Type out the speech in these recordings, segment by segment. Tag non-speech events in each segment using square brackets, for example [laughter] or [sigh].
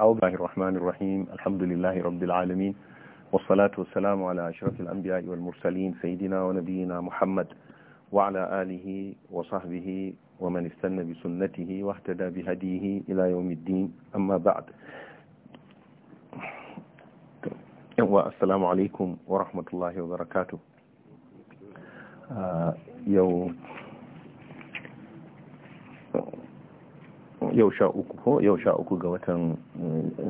أعوذ بالله الرحمن الرحيم الحمد لله رب العالمين والصلاة والسلام على أشرف الأنبياء والمرسلين سيدنا ونبينا محمد وعلى آله وصحبه ومن استنى بسنته واهتدى بهديه إلى يوم الدين أما بعد والسلام عليكم ورحمة الله وبركاته آه، يوم yau sha uku ko yau sha uku ga watan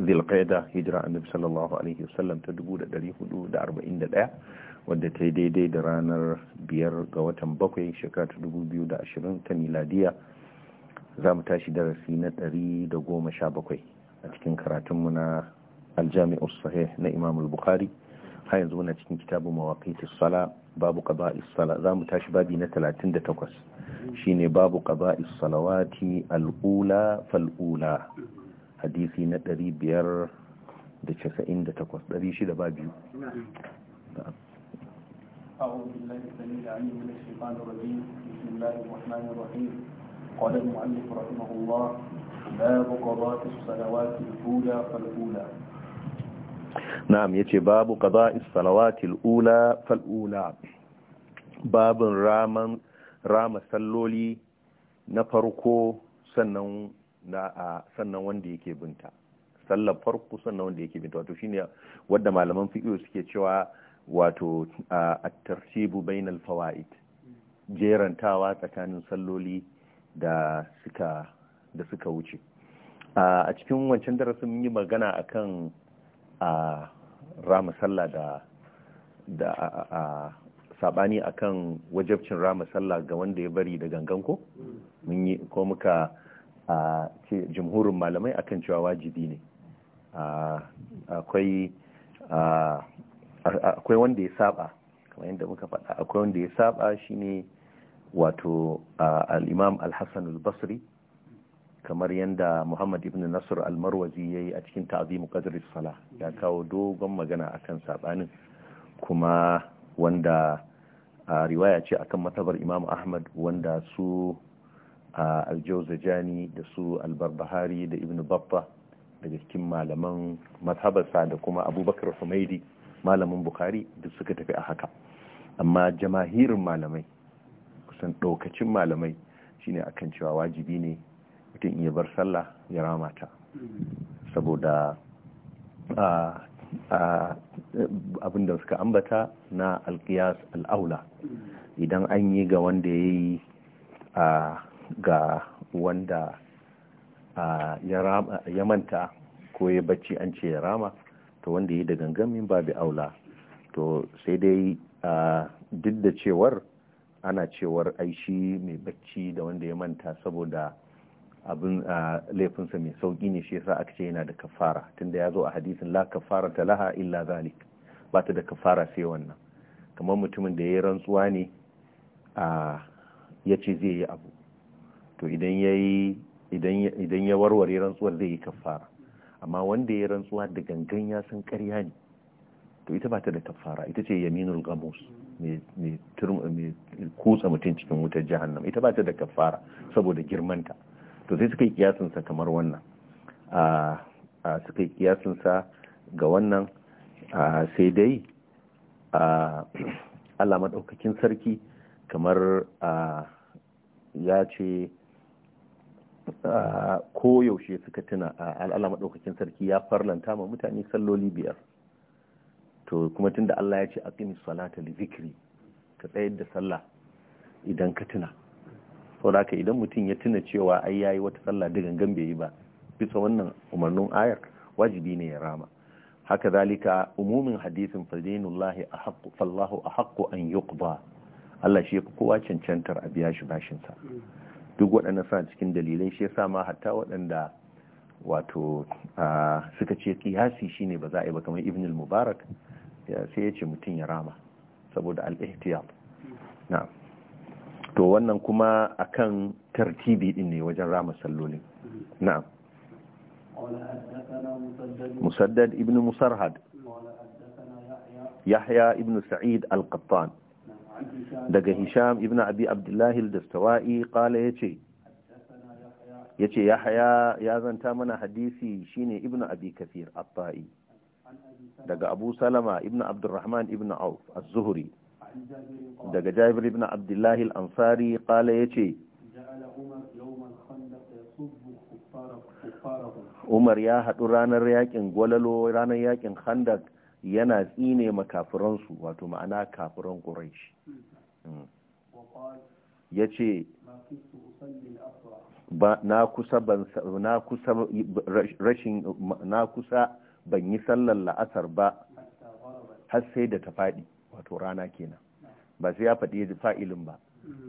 zilqaida eh, hijira annabi sallallahu alaihi wasallam ta 1441 wadda ta yi daidai da ranar biyar ga watan bakwai shekara ta 2020 ta miladiya za mu tashi darasi na 117 a cikin karatunmu na aljami'ar sahih na imam al-bukhari har yanzu muna cikin kitabu mawaƙiti sala babu ƙaba isala za mu tashi babi na 38 shine babu ƙaba'is salawati al'ula fal'ula hadisi na 598 ba قال المؤلف رحمه الله باب قضاء الصلوات الأولى فالأولى na'am yace babu qada'is salawatil ula fal ula Babun raman rama salloli na farko sannan na sannan wanda yake binta sallar farko sannan wanda yake binta wato shine wanda malaman fiqh suke cewa wato at-tartibu bainal fawaid jerantawa tsakanin salloli da suka da suka wuce a cikin wancan darasin mun yi magana akan a rama sallah da da a sabani akan wajabcin rama sallah ga wanda ya bari da gangan ko mun yi ko muka a ce jumhurin malamai akan cewa wajibi ne akwai akwai wanda ya saba kamar yadda muka faɗa akwai wanda ya saba shine wato al-imam al-hassan al-basri kamar yadda muhammad ibn nasir almarwazi ya yi a cikin ta'azimu qadris sala ya kawo dogon magana akan sabanin kuma wanda a riwaya ce akan matabar imam ahmad wanda su aljawzajani da su albarbahari da ibn babba daga cikin malaman matabarsa da kuma abubakar humaidi malamin bukari duk suka tafi a haka amma jamahirin malamai kusan ɗaukacin malamai shine akan cewa wajibi ne mutum iya bar sallah ya rama ta saboda abin da suka ambata na alkiyas al'aula idan an yi ga wanda ya yi ga wanda ya manta ko ya bacci an ce ya rama to wanda ya yi da gangamin babu aula to sai dai duk da cewar ana cewar aishi mai bacci da wanda ya manta saboda abin a laifinsa mai sauƙi ne shi yasa aka ce yana da kafara tunda ya zo a hadisin la kafara ta laha illa zalik ba ta da kafara sai wannan kamar mutumin da ya yi rantsuwa ne a ya ce zai yi abu to idan ya warware rantsuwar zai yi kafara amma wanda ya yi rantsuwa da gangan ya san ƙarya ne to ita ba ta da kafara ita ce yaminul gamus mai kutsa mutum cikin wutar jahannam ita ba ta da kafara saboda girmanta to sai suka yi kiyasinsa kamar wannan suka yi kiyasinsa ga wannan sai dai alama daukakin sarki kamar ya ce koyaushe suka tuna alama maɗaukakin sarki ya farlanta ma mutane salloli biyar to kuma tunda Allah ya ce aqimi salata li zikri ka tsayar da sallah idan ka tuna saboda idan mutum ya tuna cewa ai ya yi wata sallah da gangan bai yi ba bisa wannan umarnin ayar wajibi ne ya rama haka zalika umumin hadisin fadinullahi ahqqu a ahqqu an yuqda Allah shi kowa cancantar a biya shi bashinsa duk waɗanda sa cikin dalilai shi yasa ma hatta waɗanda wato suka ce kiyasi shine ba za a yi ba kamar ibn al-mubarak sai ya ce mutum ya rama saboda al-ihtiyat na'am to wannan kuma akan tartibi din ne wajen rama sallolin na'am musaddad ibn musarhad yahya ibn sa'id al-qattan daga hisham ibn abi abdullah al-dastawa'i qala yace yace yahya ya zanta mana hadisi shine ibn abi kathir al tai daga abu salama ibn abdurrahman ibn auf az-zuhri daga jabir ibn abdullahi al-ansari ya ce Umar ya haɗu ranar yakin gwalalo ranar yakin handak yana tsine makafiransu wato ma'ana kafiran ƙuraishi ya ce na kusa ban yi sallar la'asar ba har sai da ta faɗi wato rana kenan ba sai ya faɗi fa'ilin ba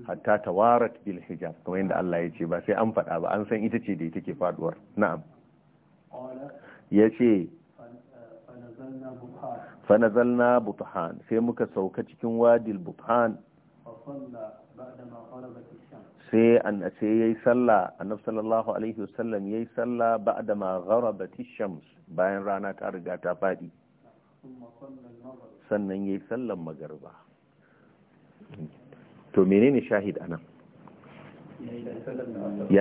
hatta tawarat bil hijab kamar yadda Allah ya ce ba sai an faɗa ba an san ita ce da ita ke faduwar na'am ya ce eh, fanazalna buthan sai muka sauka cikin wadil buthan sai an ya yayi sallah annab sallallahu alaihi wasallam yayi sallah ba'da ma gharabat shams bayan rana ta riga ta fadi sannan ya yi sallan magarba to menene shahid a nan ya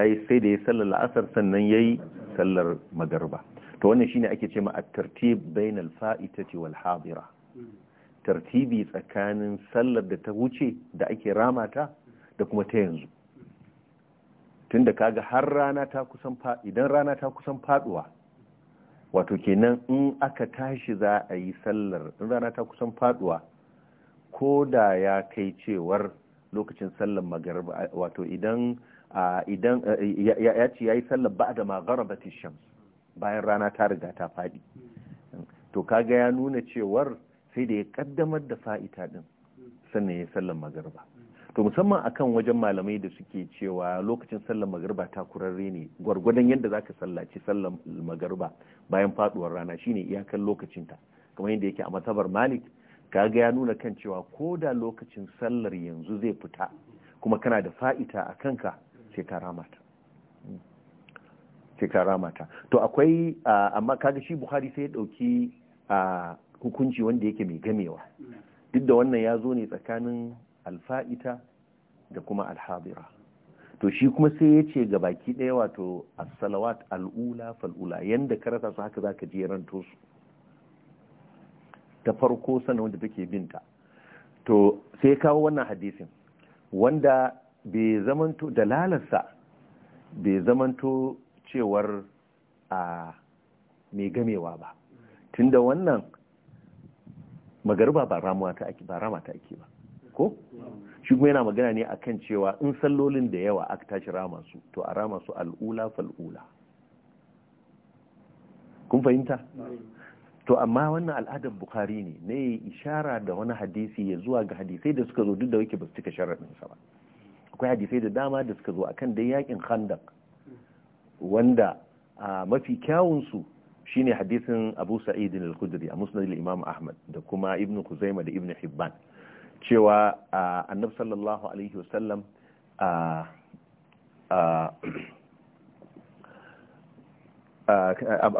yi sai da ya sallar la'asar sannan ya yi sallar magarba to wannan shine ake ce ma a tartib bainal fa'itati wal hadira tartibi tsakanin sallar da ta wuce da ake ramata da kuma ta yanzu tunda kaga har rana ta kusan faɗuwa. rana ta kusan faduwa wato kenan in aka tashi za a yi sallar in rana ta kusan faduwa ko da ya kai cewar lokacin sallar magarba wato idan idan ya ce ya yi sallar ba da magharabatin shams bayan rana ta riga ta faɗi to kaga ya nuna cewar sai da ya kaddamar da fa'ita din sannan ya sallar magarba to musamman akan wajen malamai da suke cewa lokacin sallar magariba ta kurarre ne gwargwadon yadda za ka sallaci sallar magariba bayan faduwar rana shine iyakan lokacinta kamar yadda yake a matabar malik kaga ya nuna kan cewa ko da lokacin sallar yanzu zai fita kuma kana da fa'ita a kanka sai ka ramata sai ka ramata to akwai amma kaga shi buhari sai ya dauki hukunci wanda yake mai gamewa duk da wannan ya zo ne tsakanin alfa'ita da kuma alhabira to shi kuma sai ya ce ga baki ɗaya wato as-salawat al'ula fal'ula yadda ka rasa su haka za zaka jeranto su ta farko sanan wanda take binta to sai kawo wannan hadisin wanda bai zamanto dalalarsa bai zamanto cewar a mai gamewa ba tunda wannan magariba ba ramuwa ake ba ko shi kuma yana magana ne akan cewa in sallolin da yawa aka tashi rama su to a rama su al'ula fal'ula kun fahimta to amma wannan al'adar bukhari ne na yi ishara da wani hadisi ya zuwa ga hadisai da suka zo duk da wake ba su cika sharaɗin sa ba akwai hadisai da dama da suka zo akan dai yakin khandak wanda a mafi kyawun su shine hadisin abu sa'id al-khudri a musnad al-imam ahmad da kuma ibn kuzaima da ibn hibban cewa annabi sallallahu alaihi wasallam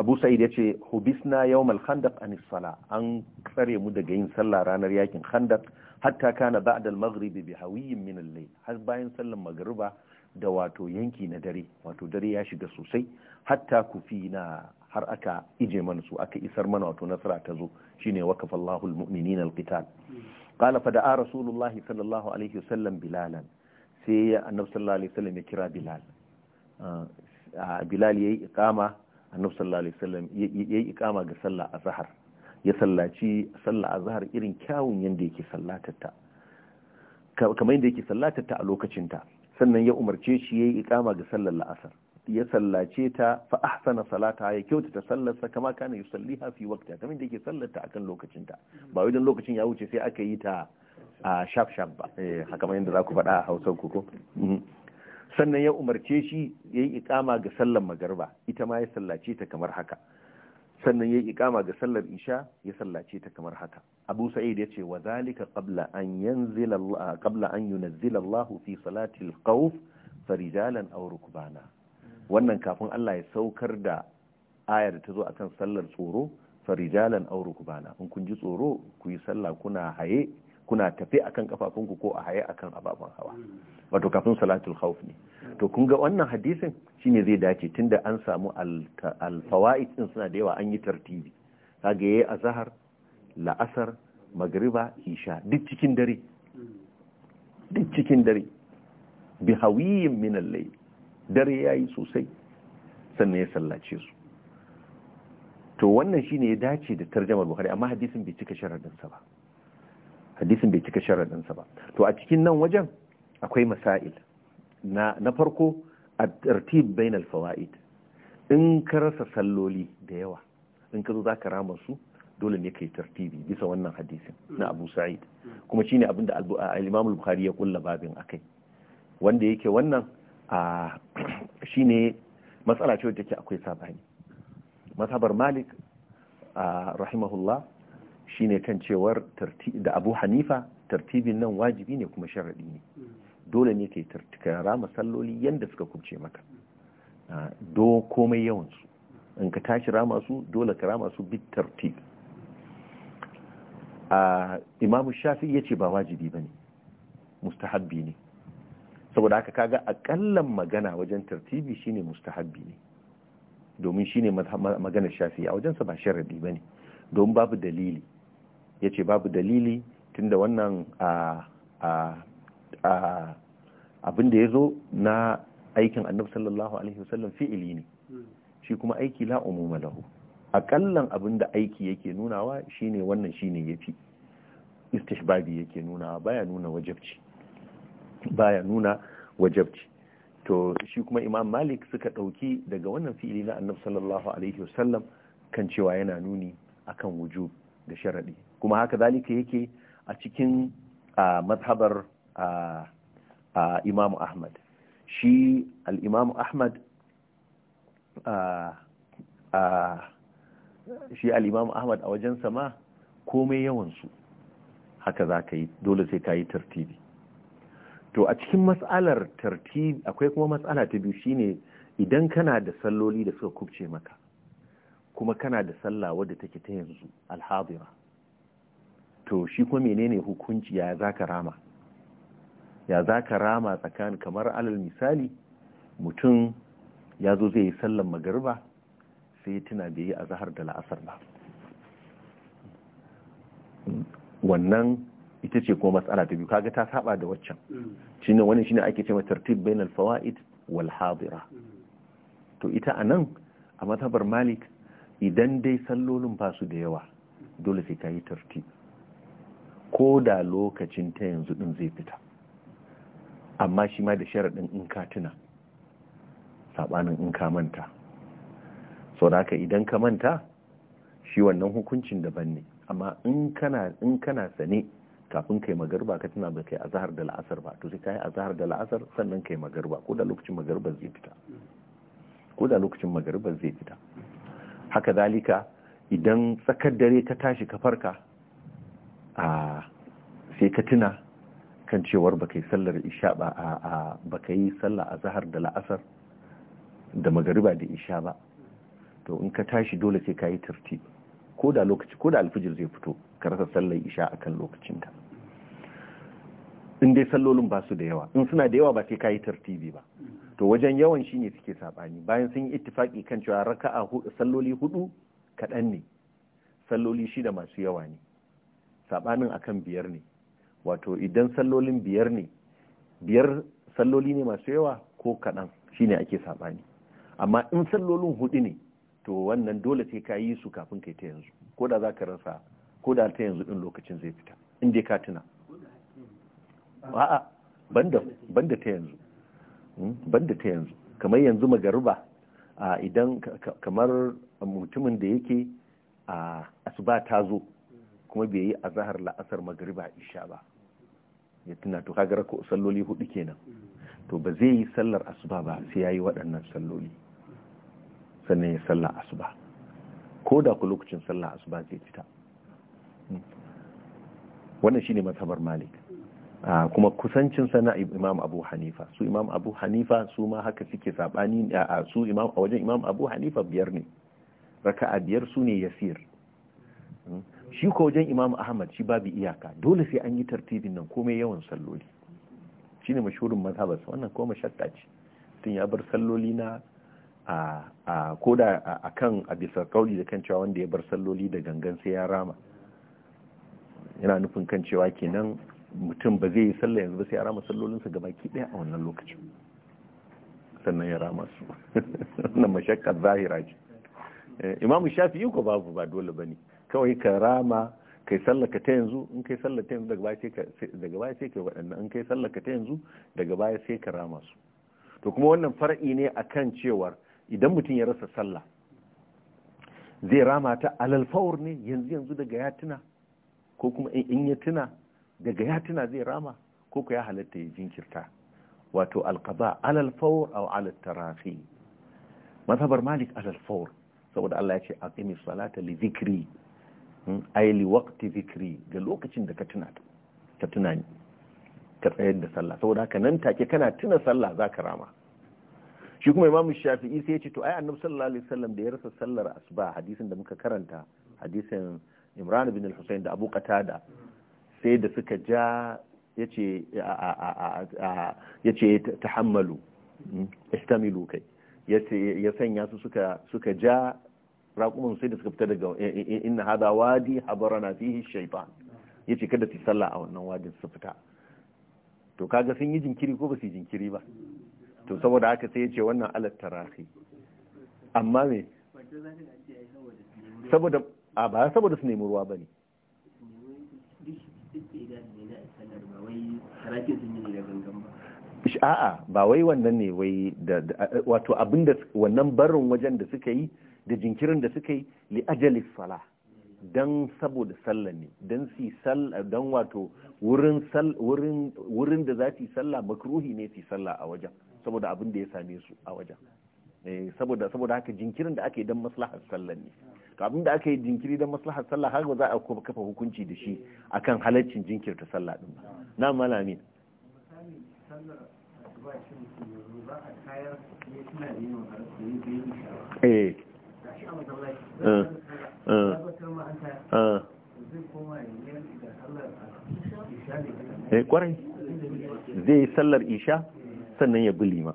abu sa'id ya ce hubisna yau malhandak an nisala an tsare mu daga yin sallah ranar yakin handak hatta kana ba'da da maghribi bi hawiyin min har bayan sallan magariba da wato yanki na dare wato dare ya shiga sosai hatta ku fi na har aka ije mana su aka isar mana wato nasara ta zo shine waqafa Allahu al-mu'minina al-qital qala fa da'a rasulullahi sallallahu alaihi wasallam bilalan sai annabi sallallahu alaihi wasallam ya kira bilal ah, ah, bilal yayi iqama annabi sallallahu alaihi wasallam yayi iqama ga sallah azhar ya sallaci sallah azhar irin kyawun yanda yake sallatarta kamar yanda yake sallatarta a lokacin ta sannan ya umarce shi yayi iqama ga sallar la'asar ya sallace ta fa ahsana salata ya kyautata sallarsa kama kana yusalliha fi waqtiha kamar da yake sallarta akan lokacinta ba wai lokacin ya wuce sai aka yi ta a shaf shaf ba eh kamar yadda zaku faɗa a Hausa ku ko mm-hmm. sannan ya umarce shi yayi ikama ga sallar magarba ita ma ya sallace ta kamar haka sannan yayi ikama ga sallar isha ya sallace ta kamar haka Abu Sa'id ya ce wa zalika qabla an yanzila qabla an yunzila Allahu fi salati al-khawf farijalan aw rukbana wannan kafin Allah ya saukar da ayar da ta zo akan sallar tsoro farijalan aw rukbana in kun ji tsoro ku yi sallah kuna haye kuna tafe akan kafafunku ko a haye akan ababen hawa wato kafin salatul khawf ne to kun ga wannan hadisin shine zai dace tunda an samu al-fawaid din suna da yawa an yi tartibi kaga yayi azhar la'asar magriba isha duk cikin dare duk cikin dare bi hawiyin min al-layl dare ya yi sosai sannan ya sallace su to wannan shine ya dace da tarjamar Buhari, amma hadisin bai cika sharadinsa ba hadisin bai cika sharadinsa ba to a cikin nan wajen akwai masail na farko a tartib bain al-fawaid in ka rasa salloli da yawa in ka zo zaka rama su dole ne ka yi tartibi bisa wannan hadisin na Abu Sa'id kuma shine abinda al-Imam al ya kulla babin akai wanda yake wannan [clears throat] shi ne matsala ce wadda ke akwai sabani mazhabar malik rahimahullah shi ne kan cewar da abu hanifa tartibin nan wajibi ne kuma sharaɗi ne dole ne ka tartikara masalloli yadda suka kubce maka do komai yawansu in ka tashi rama su dole ka rama su bit tartib imamu shafi ya ce ba wajibi ba ne mustahabbi ne saboda haka kaga akallan magana wajen tartibi shine mustahabbi ne domin shine magana shafi a wajensa ba sharadi ne don babu dalili yace babu dalili tunda wannan a a a abin da yazo na aikin annabi sallallahu alaihi wasallam fi'ili ne hmm. shi kuma aiki la umuma lahu akallan abin da aiki yake nunawa shine wannan shine yafi istishbabi yake nunawa baya nuna wajibci baya nuna wajabci to shi kuma imam malik suka ɗauki daga wannan fi'ili na annabi sallallahu alaihi wasallam kan cewa yana nuni akan wujub da sharaɗi kuma haka zalika yake a cikin mazhabar Imam ahmad shi al'imamu ahmad shi ahmad a wajen sama komai yawansu haka za ka yi dole sai ka yi tartibi to a cikin matsalar tartib akwai kuma matsala ta biyu shine idan kana da salloli da suka kubce maka kuma kana da sallah wadda take ta yanzu alhadira to shi kuma menene hukunci ya za ka rama ya za ka rama tsakanin kamar alal misali mutum ya zo zai yi sallan magariba sai ya tuna bai yi a zahar da la'asar ba wannan ita ce kuma matsala ta biyu kaga ta saba da waccan mm. shine wani shine ake cewa tartib bainal fawaid wal hadira mm. to ita a nan a matabar malik idan dai sallolin ba su da yawa dole sai kayi tartib ko da lokacin ta yanzu din zai fita amma shi ma da sharadin in ka tuna sabanin in ka manta da haka idan ka manta shi wannan hukuncin daban ne amma in kana sane kafin kai magarba ka tuna ba kai azhar da la'asar ba to sai kai azhar da la'asar sannan kai magarba ko da lokacin magarba zai fita ko da lokacin magarba zai fita haka zalika idan tsakar dare ka tashi ka farka a sai ka tuna kan cewar ba kai sallar isha ba a ba kai sallar azhar da la'asar da magariba da isha ba to in ka tashi dole sai ka yi tartib ko da lokaci ko da alfijir zai fito ka rasa sallar isha akan lokacin ta in dai sallolin ba su da yawa in suna da yawa ba sai kayi tartibi ba to wajen yawan shine suke sabani bayan sun yi ittifaki kan cewa raka'a salloli hudu kaɗan ne salloli shida masu yawa ne sabanin akan biyar ne wato idan sallolin biyar ne biyar salloli ne masu yawa ko kaɗan shine ake sabani amma in sallolin hudu ne to wannan dole sai ka yi su kafin kai ta yanzu ko da za ka rasa ko da ta yanzu din lokacin zai fita in dai ka tuna a'a banda ta yanzu hmm, banda ta yanzu kamar yanzu magariba a idan kamar mutumin da yake a asuba ta zo kuma bai yi a zahar la'asar magariba isha ba ya tuna to kaga ko salloli hudu kenan to ba zai yi sallar asuba ba sai ya yi waɗannan salloli sannan ya sallar asuba ko da ku lokacin sallar asuba zai fita hmm. wannan shine mazhabar malik kuma kusancinsa na imam abu hanifa su imam abu hanifa su ma haka suke saɓani a su imam a wajen imam abu hanifa biyar ne Raka a biyar su ne yasir hmm? shi ko wajen imam ahmad shi babu iyaka dole sai an yi tartibin nan komai yawan salloli shi ne mashurin mazhabarsa wannan kuma shatta ce tun ya bar salloli na a koda a kan a bisa kauli da kan cewa wanda ya bar salloli da gangan sai ya rama yana nufin kan cewa kenan mutum ba zai yi sallah yanzu ba sai ya rama sallolinsa gaba ki daya a wannan lokacin sannan ya rama su wannan mashakkar zahira ce eh, imamu yi ko babu ba dole ba ne. kawai ka rama kai sallaka ta yanzu in kai sallaka ta yanzu daga baya sai ka waɗanda ka in kai sallaka ta yanzu daga baya sai ka rama su to kuma wannan far'i ne akan cewar idan mutum ya rasa sallah zai rama ta alal ne yanzu yanzu daga ya tuna ko kuma in ya tuna daga ya tuna zai rama ko ku ya halatta ya jinkirta wato alqada alal fawr aw alal tarafi mazhabar malik alal saboda Allah ya ce aqimi salata li zikri hmm? ay li waqti zikri ga lokacin da ka tuna ka ni ka tsayar da sallah saboda haka nan take kana tuna sallah zaka rama shi kuma imamu shafi'i sai ya ce to ai annabi sallallahu alaihi wasallam da ya rasa sallar asuba hadisin da muka karanta hadisin imran bin al-husayn da abu qatada sai da suka ja ce ta tahammalu hmm, istamilu kai ya sanya su suka ja raƙumin sai da suka fita daga ina hada wadi habara na fi shaifa ya ce kada su sallah a wannan wadi su fita to kaga sun yi jinkiri ko ba su yi jinkiri ba to saboda haka sai ce wannan alat tarahi amma me saboda a ba saboda su nemi ruwa ba ne. a'a ba wai wannan ne wai da wato abinda wannan barin wajen da suka yi da jinkirin da suka yi li ajalis sala dan saboda sallah ne dan si sallah dan wato wurin sal wurin wurin da za su sallah makruhi ne su sallah a wajen saboda abin da ya same su a wajen eh, saboda saboda haka jinkirin da ake dan maslahar sallah ne to abin da aka yi jinkiri don maslahar sallah har ba za a kafa hukunci da shi akan halaccin jinkirta sallah din ba na malami eh. eh. eh. kwarai zai yi sallar isha sannan ya buli ma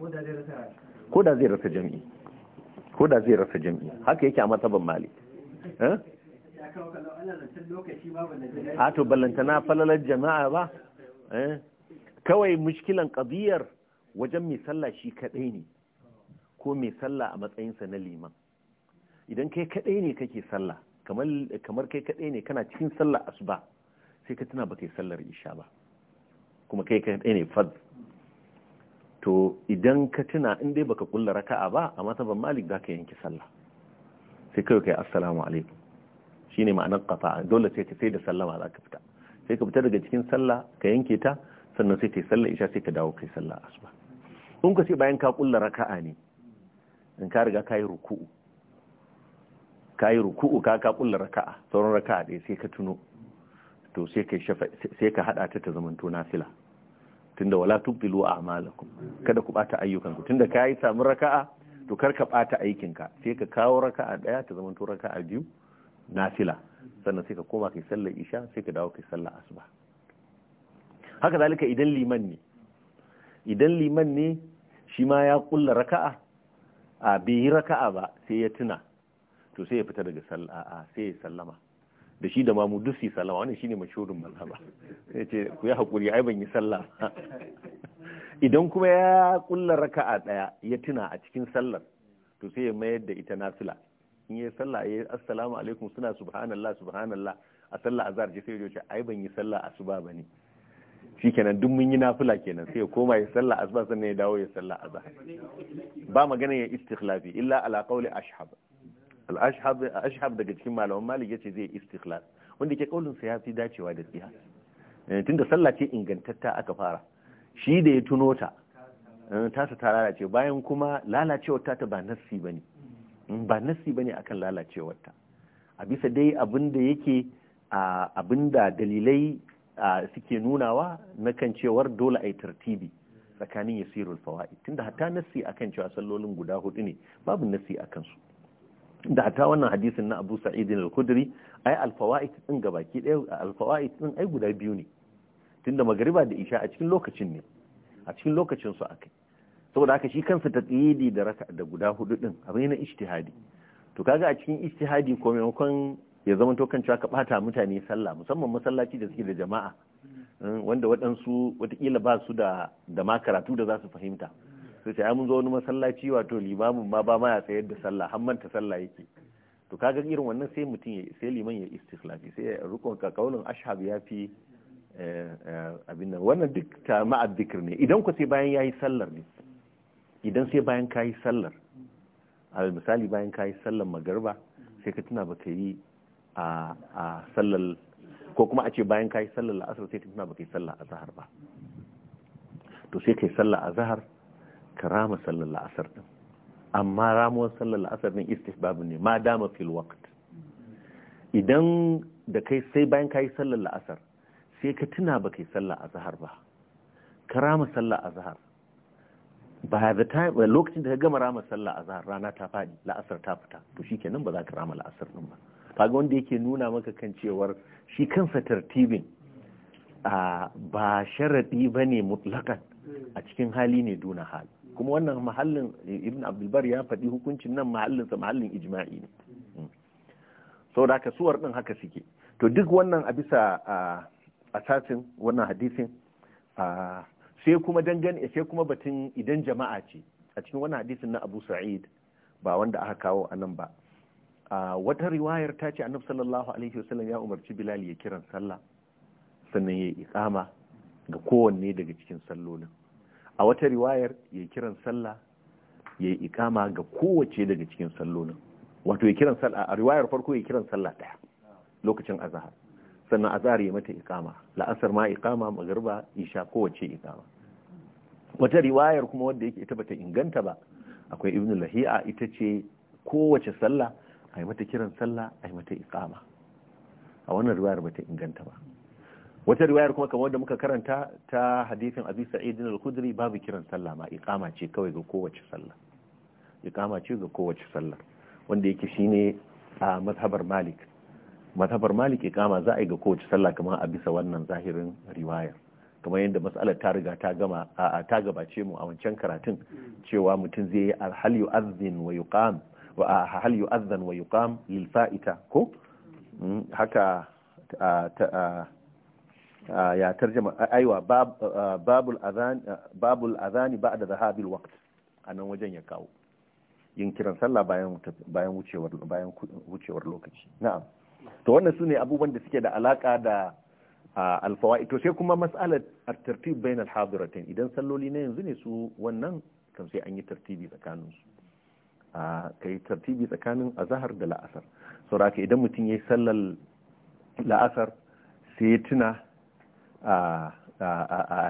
ko da zai rasa jami'i, ko da zai rasa haka yake a matsaban malik Eh? a ah, to ballantana falalar jama'a ba eh? kawai mushkilan ƙabiyar wajen mai sallah shi kaɗai ne ko mai sallah a matsayinsa na liman idan kai kaɗai ne kake sallah kamar kai kaɗai ne kana cikin sallah asuba sai ka tuna ba kai sallar isha ba kuma kai kaɗai ne fad to idan ka tuna in dai baka kulla raka'a ba a matsaban malik za ka yanke sallah sai kai kai assalamu alaikum shine ma'anar kafa dole sai sai da sallama za ka fita sai ka fita daga cikin sallah ka yanke ta sannan sai kai sallah isha sai ka dawo kai sallah asuba in ka sai bayan ka kulla raka'a ne in ka riga ka yi ruku'u ka yi ruku'u ka ka kulla raka'a sauran raka'a ɗaya sai ka tuno to sai ka shafa sai ka hada ta ta zamanto nafila tunda wala tubilu a'malakum kada ku bata ayyukan ku tunda ka yi samu raka'a to kar ka bata aikinka sai ka kawo raka'a daya ta zama to raka'a biyu nafila sannan sai ka koma kai sallar isha sai ka dawo kai sallar asuba haka zalika idan liman ne idan liman ne shi ma ya kulla raka'a a bai yi raka'a ba sai ya tuna to sai ya fita daga sallah sai ya sallama da shi da mamu duk su sallama wannan shine mashhurin mazhaba sai ce ku yi hakuri ai ban yi sallah [laughs] idan kuma ya kulla raka'a daya ya tuna a cikin sallar to sai ya mayar da ita nafila in ya sallah ya assalamu alaikum suna subhanallah subhanallah a sallah azhar je sai ya ce ai ban yi sallah asuba bane shikenan duk mun yi nafila kenan sai ya koma ya sallah asuba sannan ya dawo ya sallah azhar ba magana ya istikhlafi illa ala qawli ashhab al ashhab ashhab daga cikin malaman malik yace zai istikhlaf wanda ke kaulin sa fi dacewa da tsiha eh, tunda sallah ce ingantatta aka fara shi da ya tuno ta eh, tasa ta lalace bayan kuma lalacewar ta ta ba nassi bane mm, ba nassi bane akan lalacewar ta a bisa dai abin da yake abin da dalilai suke nunawa na kan cewar dole a yi tartibi tsakanin yasirul fawaid tunda hatta nassi akan cewa sallolin guda hudu ne babu nassi akan su da hatta wannan hadisin na Abu Sa'id al-Khudri ai al-fawaid din gabaki ɗaya al-fawaid din ai guda biyu ne tunda magariba da isha a cikin lokacin ne a cikin lokacin su akai saboda haka shi kansa ta tsidi da raka da guda hudu din abin na ijtihadi to kaga a cikin ijtihadi ko maimakon ya zama to kan cewa ka bata mutane sallah musamman masallaci da suke da jama'a eh, wanda waɗansu watakila ba su da da ma karatu da za su fahimta sai sai mun zo wani masallaci wato limamin ma ba ma ya tsayar da sallah har manta sallah yake to kaga irin wannan sai mutum ya sai liman ya istikhlafi sai rukun ka kaulin ashab ya fi Eh, eh, abin nan wannan duk ta ma'ad ne idan ku sai bayan yayi sallar ne idan sai bayan kayi sallar al misali bayan kayi sallar magarba sai ka tuna baka yi a sallar ko kuma a ce bayan kayi sallar la'asar sai ka tuna baka yi sallar azhar ba to sai kai sallar azhar ka rama sallar la'asar din amma ramuwar sallar la'asar din istihbab ne ma dama fil waqt idan da kai sai bayan kayi sallar la'asar sai ka tuna ba kai sallah a zahar ba ka rama sallah a zahar ba da lokacin da ka gama rama sallah a zahar rana ta faɗi la'asar ta fita to shikenan ba za ka rama la'asar din ba kaga wanda yake nuna maka kan cewar shi kansa tartibin ba sharaɗi ba ne a cikin hali ne duna hali kuma wannan mahallin ibn abdulbar ya faɗi hukuncin nan mahallinsa mahallin ijma'i ne hmm. sau da suwar ɗin haka suke to duk wannan a bisa asasin wannan hadisin sai kuma dangane sai kuma batun idan jama'a ce a cikin wannan hadisin na Abu Sa'id ba wanda aka kawo a nan ba wata riwayar ta ce annabi sallallahu alaihi wasallam ya umarci Bilal ya kiran sallah sannan ya iqama ga kowanne daga cikin sallolin a wata riwayar ya kiran sallah ya yi ga kowace daga cikin sallolin wato ya kiran sallah a riwayar farko ya kiran sallah daya lokacin azahar sannan a ya mata ikama la'asar ma ikama magarba isha kowace ikama wata riwayar kuma wanda yake ita bata inganta ba akwai ibn lahi'a ita ce kowace sallah yi mata kiran sallah yi mata ikama a wannan riwayar bata inganta ba wata riwayar kuma kamar da muka karanta ta hadisin abi sa'id al-khudri babu kiran sallah ma ikama ce kawai ga kowace sallah ikama ce ga kowace sallah wanda yake shine a mazhabar malik matafar malik kama za a yi ga kowace sallah kamar a bisa wannan zahirin riwaya kamar yadda matsalar ta riga ta gama a ta gabace mu a wancan karatun cewa mutum zai yi hal yu'adhin wa yuqam wa hal yu'adhan wa yuqam lil fa'ita ko hmm, haka ya tarjama aiwa babul adhan babul adhan ba'da dhahabil waqt anan wajen ya kawo yin kiran sallah bayan bayan wucewar bayan wucewar lokaci na'am to wannan su ne abubuwan da suke da alaka da alfawa ito sai kuma a tartib bayan alhadiratin idan salloli na yanzu ne su wannan kan sai an yi tartibi tsakanin su ka yi tartibi tsakanin azahar da la'asar sauraka idan mutum ya yi sallar la'asar sai ya tuna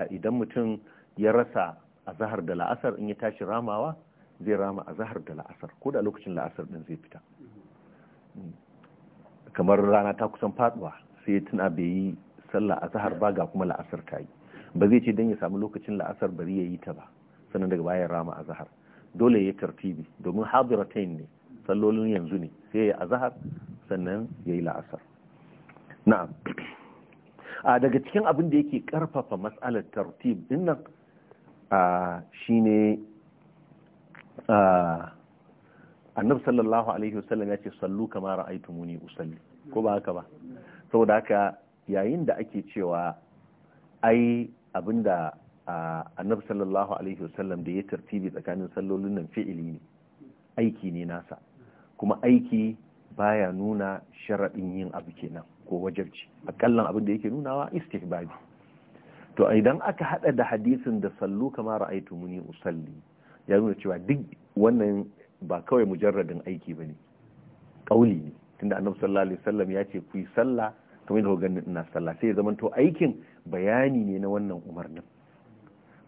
idan mutum ya rasa azahar da la'asar in ya tashi ramawa zai rama azahar da la'asar ko da lokacin la'asar din zai fita kamar rana ta kusan faduwa sai tana tuna bai yi sallah azhar ba ga kuma la'asar ta yi ba zai ce dan ya samu lokacin la'asar bari ya yi ta ba sannan daga bayan rama azhar dole ya tartibi domin hadiratain ne sallolin yanzu ne sai ya azhar sannan ya yi la'asar na'am a daga cikin abin da yake karfafa mas'alar tartib dinnan a shine a annabi sallallahu alaihi wasallam ya ce sallu kama ra'aytumuni usalli ko ba haka ba saboda haka yayin da ake cewa ai abinda annabi sallallahu alaihi wasallam da ya tartibi tsakanin sallolin nan fi'ili ne aiki ne nasa kuma aiki baya nuna sharaɗin yin abu kenan ko wajabci akallan abin da yake nunawa istihbabi to idan aka hada da hadisin da sallu kama ra'aytumuni usalli ya nuna cewa duk wannan ba kawai mujarradin aiki ba ne ƙauli ne tunda annabi sallallahu alaihi wasallam ya ce ku yi sallah kamar yadda ganin ina sallah sai ya zama to aikin bayani ne na wannan umarnin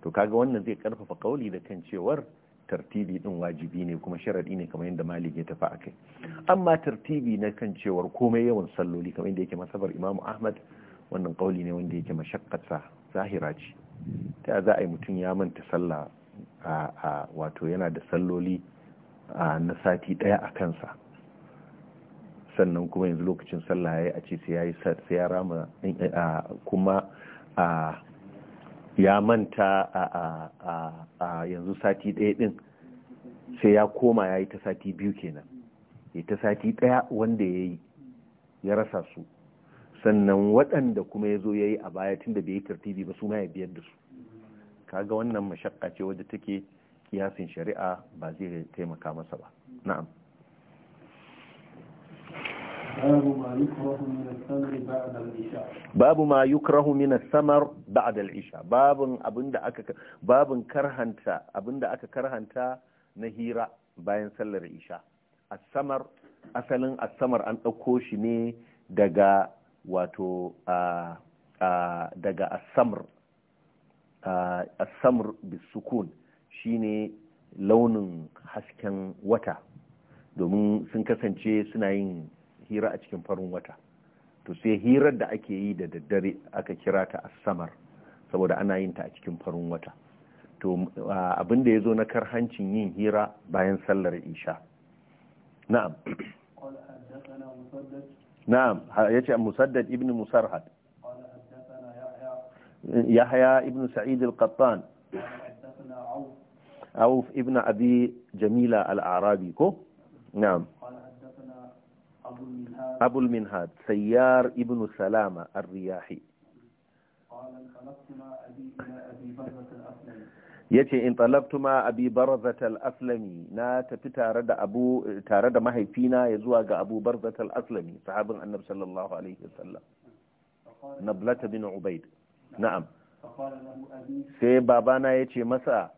to kaga wannan zai karfafa ƙauli da kan cewar tartibi din wajibi ne kuma sharadi ne kamar yadda malik ya tafi akai amma tartibi na kan cewar komai yawan salloli kamar yadda yake masabar imamu ahmad wannan ƙauli ne wanda yake mashakkata zahira ce ta za a yi mutum ya manta sallah a wato yana da salloli na sati ɗaya a kansa sannan kuma yanzu lokacin sallah ya yi a ce sai ya rama kuma ya manta a yanzu sati ɗaya din sai ya koma ya yi ta sati biyu kenan ya ta sati ɗaya wanda ya yi ya rasa su sannan waɗanda kuma ya zo ya yi a baya tun da bai yi tartibi ba su ma ya biyar da su kaga wannan mashakka ce wadda take kiyasin shari'a ba zai taimaka masa ba na'am babu ma yukrahu min as-samar ba'da al-isha babu abinda aka babun karhanta abinda aka karhanta na hira bayan sallar isha as-samar asalin as-samar an dauko shi ne daga wato daga as-samr as-samr bisukun shine launin hasken wata domin sun kasance suna yin hira a cikin farin wata to sai hirar da ake yi da daddare aka kira ta a samar saboda ana yin ta a cikin farin wata to abin da ya zo na karhancin yin hira bayan sallar isha na'am na'am ya ce musaddad ibn musarhad ibn sa'id al أوف ابن abi jamila al-arabi ko na'am أبو المنهاد سيار ابن سلامة الرياحي yace in talabtuma abi barzat al-aslami na tafi tare da abu tare da mahaifina ya zuwa ga abu barzat al-aslami sahabin annabi sallallahu alaihi wasallam nablat bin ubaid na'am sai babana yace masa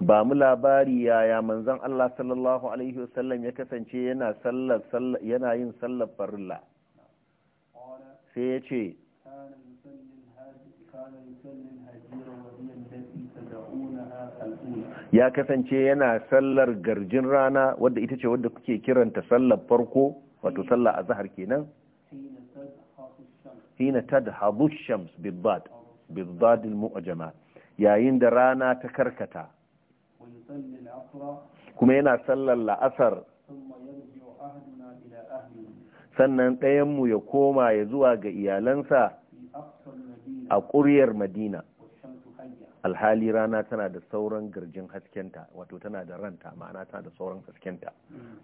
ba mu labari yaya manzan Allah sallallahu alaihi wasallam ya kasance yana sallar yana yin sallar farilla sai ya ce ya kasance yana sallar garjin rana wadda ita ce wadda kuke kiranta sallar farko wato sallar azhar kenan hina tadhhabu shams bidad bidad almu'jama yayin da rana ta karkata kuma yana sallar la'asar sannan ɗayan mu ya koma ya zuwa ga iyalansa a ƙuryar madina alhali rana tana da sauran garjin haskenta wato tana da ranta ma'ana tana da sauran haskenta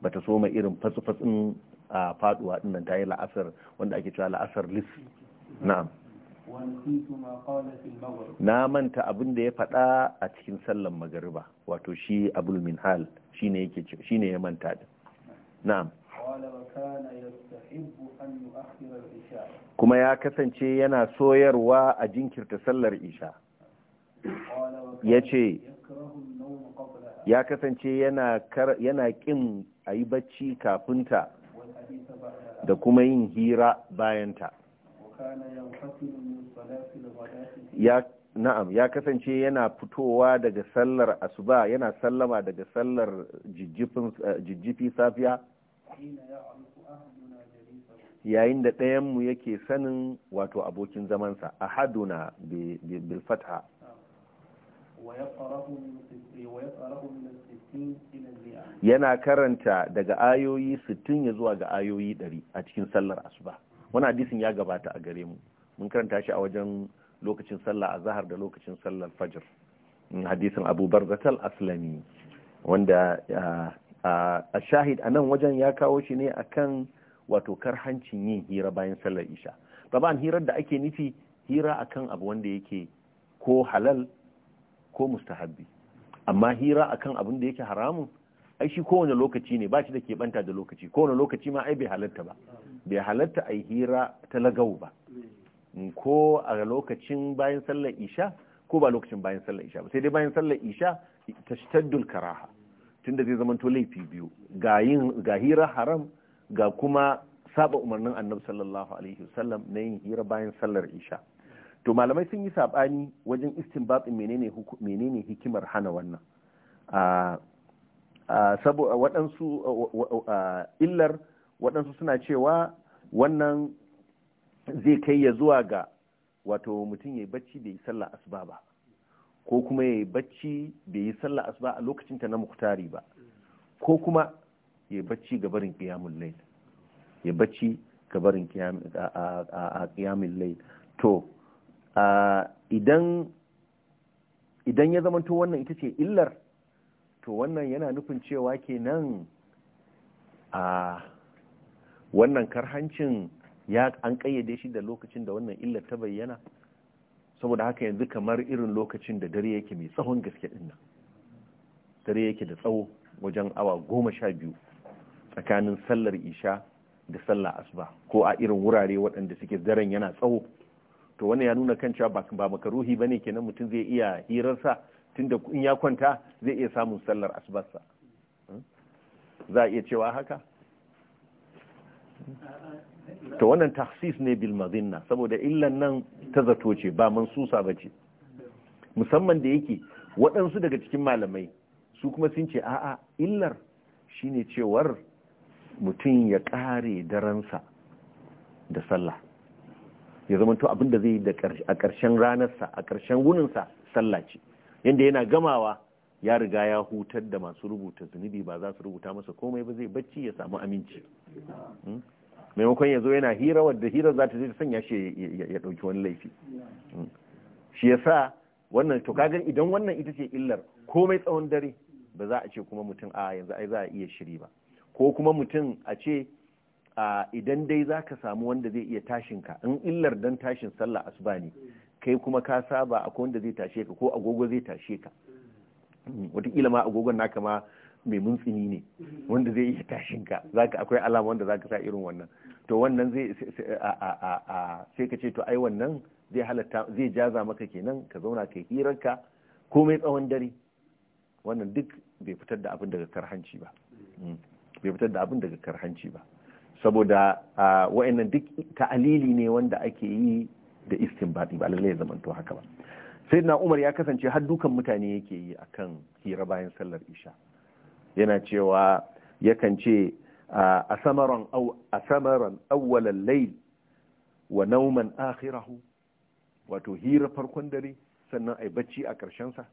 bata ta soma irin fatsu-fatsun a faduwa dinnan ta yi la'asar wanda ake cewa la'asar lissi na'am na manta abin da ya faɗa a cikin sallan magariba wato shi abul min hal shi shine ya manta da. na'am kuma ya kasance yana soyarwa a jinkirta sallar isha ya ce ya kasance yana ƙin a yi bacci kafinta da kuma yin hira bayanta ya na'am ya kasance yana fitowa daga sallar asuba yana sallama daga sallar eh, jijjifi safiya yayin da ɗayanmu yake sanin wato abokin zamansa a haduna bilfata yana karanta daga ayoyi 60 ya zuwa ga ayoyi 100 a cikin sallar asuba wani hadisin ya gabata a gare mu mun karanta shi a wajen lokacin sallah a zahar da lokacin sallar fajr mm, hadisin abu barzatal aslami wanda a ah, ah, shahid a nan wajen ya kawo shi ne a kan wato karhancin yin hira bayan sallar isha taban hirar da ake nufi hira a kan abu wanda yake ko halal ko mustahabbi amma hira akan abin da yake haramun ai shi kowane lokaci ne ba shi da keɓanta da lokaci kowane lokaci ma ai bai halatta ba bai halatta a yi hira ta lagau ba mm. ko a lokacin bayan sallar isha ko ba lokacin bayan sallar isha ba sai dai bayan sallar isha ta taddul karaha tunda zai zama laifi biyu ga yin ga hira haram ga kuma saba umarnin annabi sallallahu alaihi wasallam na yin hira bayan sallar isha to malamai sun yi saɓani wajen istinbatin menene menene hikimar hana wannan a ah, ah, saboda waɗansu ah, illar waɗansu suna cewa wannan zai kai ya zuwa ga wato mutum ya yi bacci bai yi sallah asuba ba ko kuma ya yi bacci bai yi sallah asuba a lokacin ta na muktari ba ko kuma ya yi bacci ga barin kiyamun lai ya bacci ga barin kiyamun lai to idan ya ya zamanto wannan ita ce illar to wannan yana nufin cewa kenan a wannan karhancin ya an kayyade shi da lokacin da wannan illar ta bayyana saboda haka yanzu kamar irin lokacin da dare yake mai tsawon gaske din nan dare yake da tsawo wajen awa goma sha biyu tsakanin sallar isha da sallar asuba ko a irin wurare waɗanda suke daren yana tsawo to wannan ya nuna kan cewa ba makaruhi bane kenan mutum zai iya hirarsa tunda in ya kwanta zai iya samun sallar asubarsa hmm? za a iya cewa haka to wannan tahsis ne bil saboda illan nan ta zato ce ba mansusa ba ce musamman da yake waɗansu daga cikin malamai su kuma sun ce a'a illar shine cewar mutum ya ƙare daransa da sallah ya zama to abinda zai yi a ƙarshen ranarsa a ƙarshen wuninsa sallah ce yadda yana gamawa ya riga ya hutar da masu rubuta zunubi ba za su rubuta masa komai ba zai bacci ya samu aminci hmm? maimakon ya zo yana hira wadda hira za ta je ta sanya shi ya ɗauki wani laifi hmm? shi ya sa wannan to kagan idan wannan ita ce illar komai tsawon dare ba za a ce kuma mutum a yanzu ai za a iya shiri ba ko kuma mutum a ce a idan dai za ka samu wanda zai iya tashin ka in illar dan tashin sallah asuba ne kai kuma ka saba akwai wanda zai tashe ka ko agogo zai tashe ka Watakila ma agogon naka ma mai muntsini ne wanda zai iya tashin ka zaka akwai alama wanda zaka sa irin wannan to wannan zai sai ka ce to ai wannan zai halatta zai jaza maka kenan ka zauna kai hirar ka komai tsawon dare wannan duk bai fitar da abin daga karhanci ba mm. bai fitar da abin daga karhanci ba saboda wa'annan duk ta'alili ne wanda ake yi da istinbati ba lallai ya zamanto haka ba sai na umar ya kasance har dukan mutane yake yi akan hira bayan sallar isha yana cewa yakan ce a samaran awwalan lail wa nauman akhirahu wato hira farkon dare sannan yi bacci a sa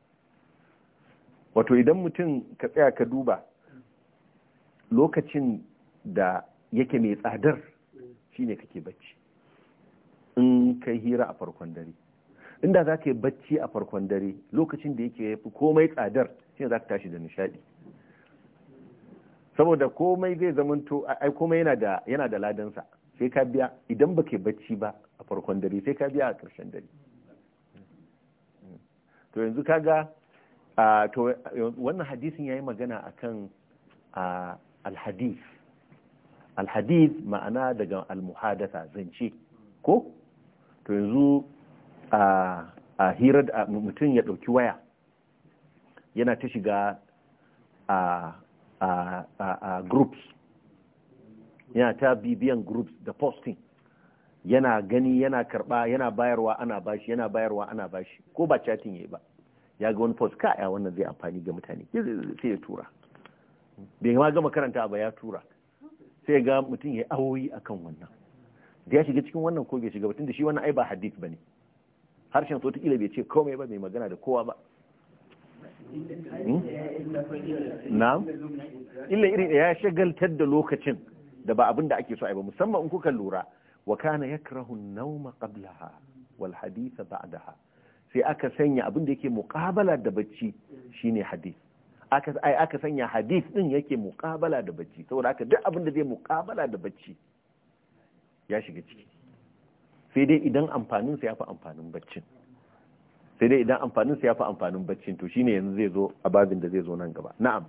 wato idan mutum ka tsaya ka duba lokacin da yake mai tsadar shine kake bacci in kai hira a farkon dare inda za ka yi bacci a farkon dare lokacin da yake fi komai tsadar shi za ka tashi da nishadi saboda komai zai zamanto ai komai yana da ladansa sai ka biya idan baka bacci ba a farkon dare sai ka biya a ƙarshen dare to yanzu kaga to wannan hadisin ya yi magana akan alhadis. Alhadis ma'ana daga almuhadasa zance ko to yanzu a hira da mutum ya ɗauki waya yana ta shiga a groups yana ta bibiyan groups da posting yana gani yana karba yana bayarwa ana bashi yana bayarwa ana bashi ko ba chatting yayi ba ya ga wani post ka ya wannan zai amfani ga mutane sai ya tura bai ma gama karanta ba ya tura sai ga mutum ya awoyi akan wannan da ya shiga cikin wannan ko bai shiga ba tunda shi wannan ai ba hadith bane harshen so ila bai ce komai ba mai magana da kowa ba hmm? na'am illa irin ya shagaltar da lokacin da ba abin da ake so a ba musamman in kuka lura wa kana yakrahu nauma qablaha wal haditha ba'daha sai aka sanya abin da yake muqabala da bacci shine hadith aka ai aka sanya hadith din yake muqabala da bacci saboda haka duk abin da zai mukabala da bacci ya shiga ciki sai dai idan amfanin sa yafi amfanin baccin sai dai idan amfanin sa yafi amfanin baccin to shine yanzu zai zo a babin da zai zo nan gaba na'am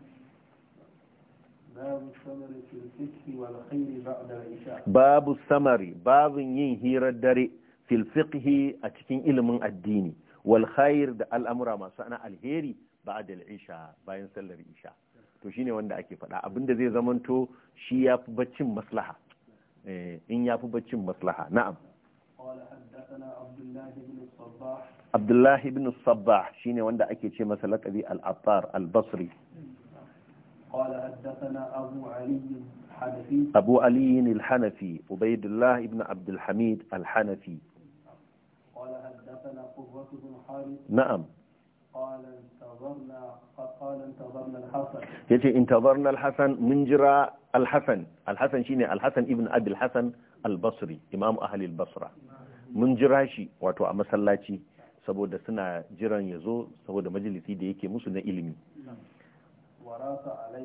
babu samari babin yin hirar dare fil fiqhi a cikin ilimin addini wal khair da al'amura masu ana alheri ba'da al-isha bayan sallar isha to shine wanda ake faɗa abinda zai zamanto shi yafi baccin maslaha eh, in yafi baccin maslaha na'am عبد الله بن الصباح شيني وندا أكيد ce مثلا كذي الأطار البصري قال حدثنا أبو علي الحنفي أبو علي الحنفي عبيد الله بن عبد الحميد الحنفي قال حدثنا قرة بن حارث نعم قال انتظرنا قال انتظرنا الحسن يجي انتظرنا الحسن من جراء alhassan alhassan shine Alhasan ibn abil hassan albasri imam ahalil basra mun jira shi wato a masallaci saboda suna jiran ya zo saboda majalisi da yake musu na ilimi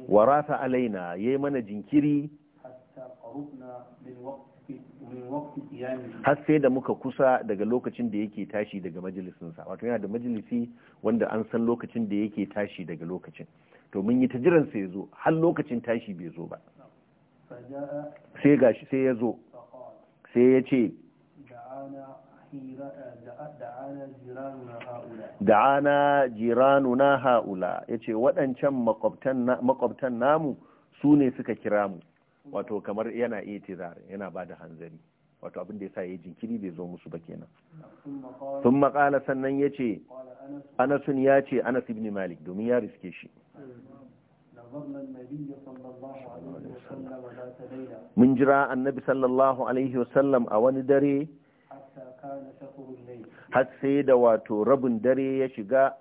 warasa alaina ya yi mana jinkiri har sai da muka kusa daga lokacin da yake tashi daga majalisinsa wato yana da majalisi wanda an san lokacin da yake tashi daga lokacin to mun yi ta jiran sai zo har lokacin tashi bai zo ba sai gashi sai ya zo sai ya ce da'ana jiranuna ha'ula ya ce waɗancan makwabtan namu su ne suka kira mu wato kamar yana itizar yana ba da hanzari wato abin da ya sa ya jinkiri bai zo musu ba kenan sun makala sannan ya ce anasun ya ce anas ibn malik domin ya riske shi mun jira annabi sallallahu alaihi wasallam a wani dare har sai da wato rabin dare ya shiga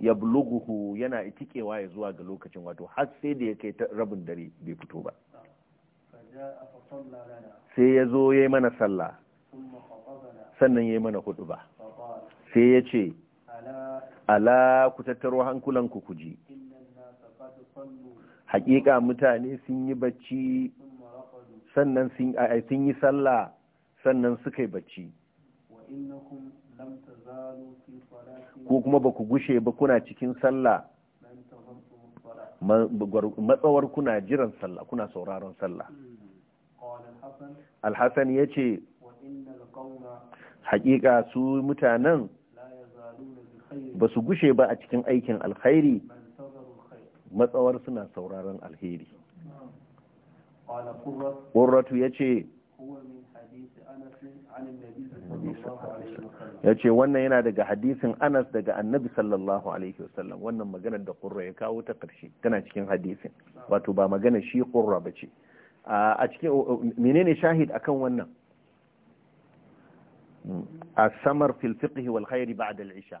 ya buluguhu yana itikewa ya zuwa ga lokacin wato har sai da ya kai rabin dare bai fito ba sai ya zo ya yi mana sallah sannan ya yi mana hudu ba sai ya ce ala ku tattaro hankulanku ku ji hakika mutane sun yi bacci sannan eh, sun yi sallah sannan suka yi bacci ko kuma ba ku gushe ba kuna cikin sallah matsawar kuna jiran sallah kuna sauraron sallah alhassan ya ce hakika su mutanen ba su gushe ba a cikin aikin alkhairi matsawar suna sauraron alheri ƙurratu ya ce ya ce wannan yana daga hadisin anas daga annabi sallallahu alaihi wasallam wannan maganar da ƙurra ya kawo ta ƙarshe tana cikin hadisin wato ba magana shi ƙurra ba ce a cikin menene shahid akan wannan hmm. a samar fil fiqh wal khairi ba'da al-isha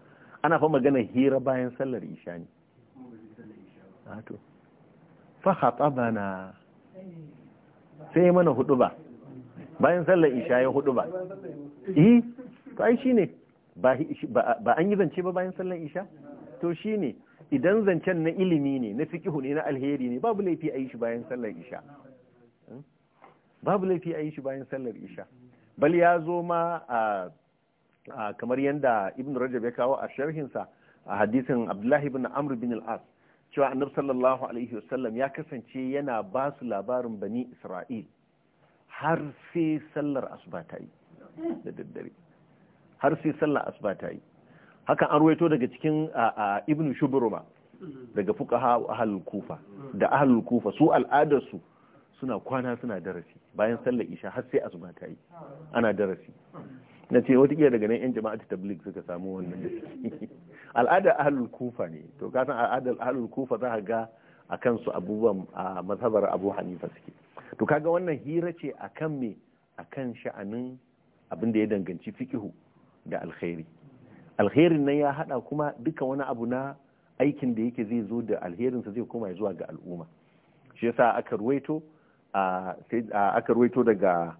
ana fa magana hira bayan sallar isha ne ah, fa hatabana sai mana hudu ba bayan sallar isha ya hudu ba eh to ai shine ba ba an yi zance ba bayan sallar isha to shine idan zancen na ilimi ne na fikihu ne na alheri ne babu laifi a yi shi bayan sallar isha hmm? babu laifi a yi shi bayan sallar isha bal ya zo ma a kamar yadda ibn rajab ya kawo a sharhinsa a hadisin abdullahi ibn amr bin al-as cewa annabi sallallahu alaihi wasallam ya kasance yana ba su labarin bani isra'il har sai sallar asuba ta yi da daddare har sai sallar asuba ta yi hakan an ruwaito daga cikin ibn shubruma daga fuqaha ahlul kufa da ahlul kufa su al'adarsu su suna kwana suna darasi bayan sallar isha har sai asuba ta yi ana darasi na ce wataƙila daga nan yan ta tablik suka samu wannan da al'adar ahlul kufa ne to ka san al'adar ahlul kufa za ka ga a kansu abubuwan a mazhabar abu hanifa suke to kaga wannan hira ce akan me kan sha'anin abinda ya danganci fikihu da alheri. alkhairin nan ya hada kuma duka wani abu na aikin da yake zai zo da alherinsa zai koma zuwa ga al'umma shi yasa aka ruwaito aka ruwaito daga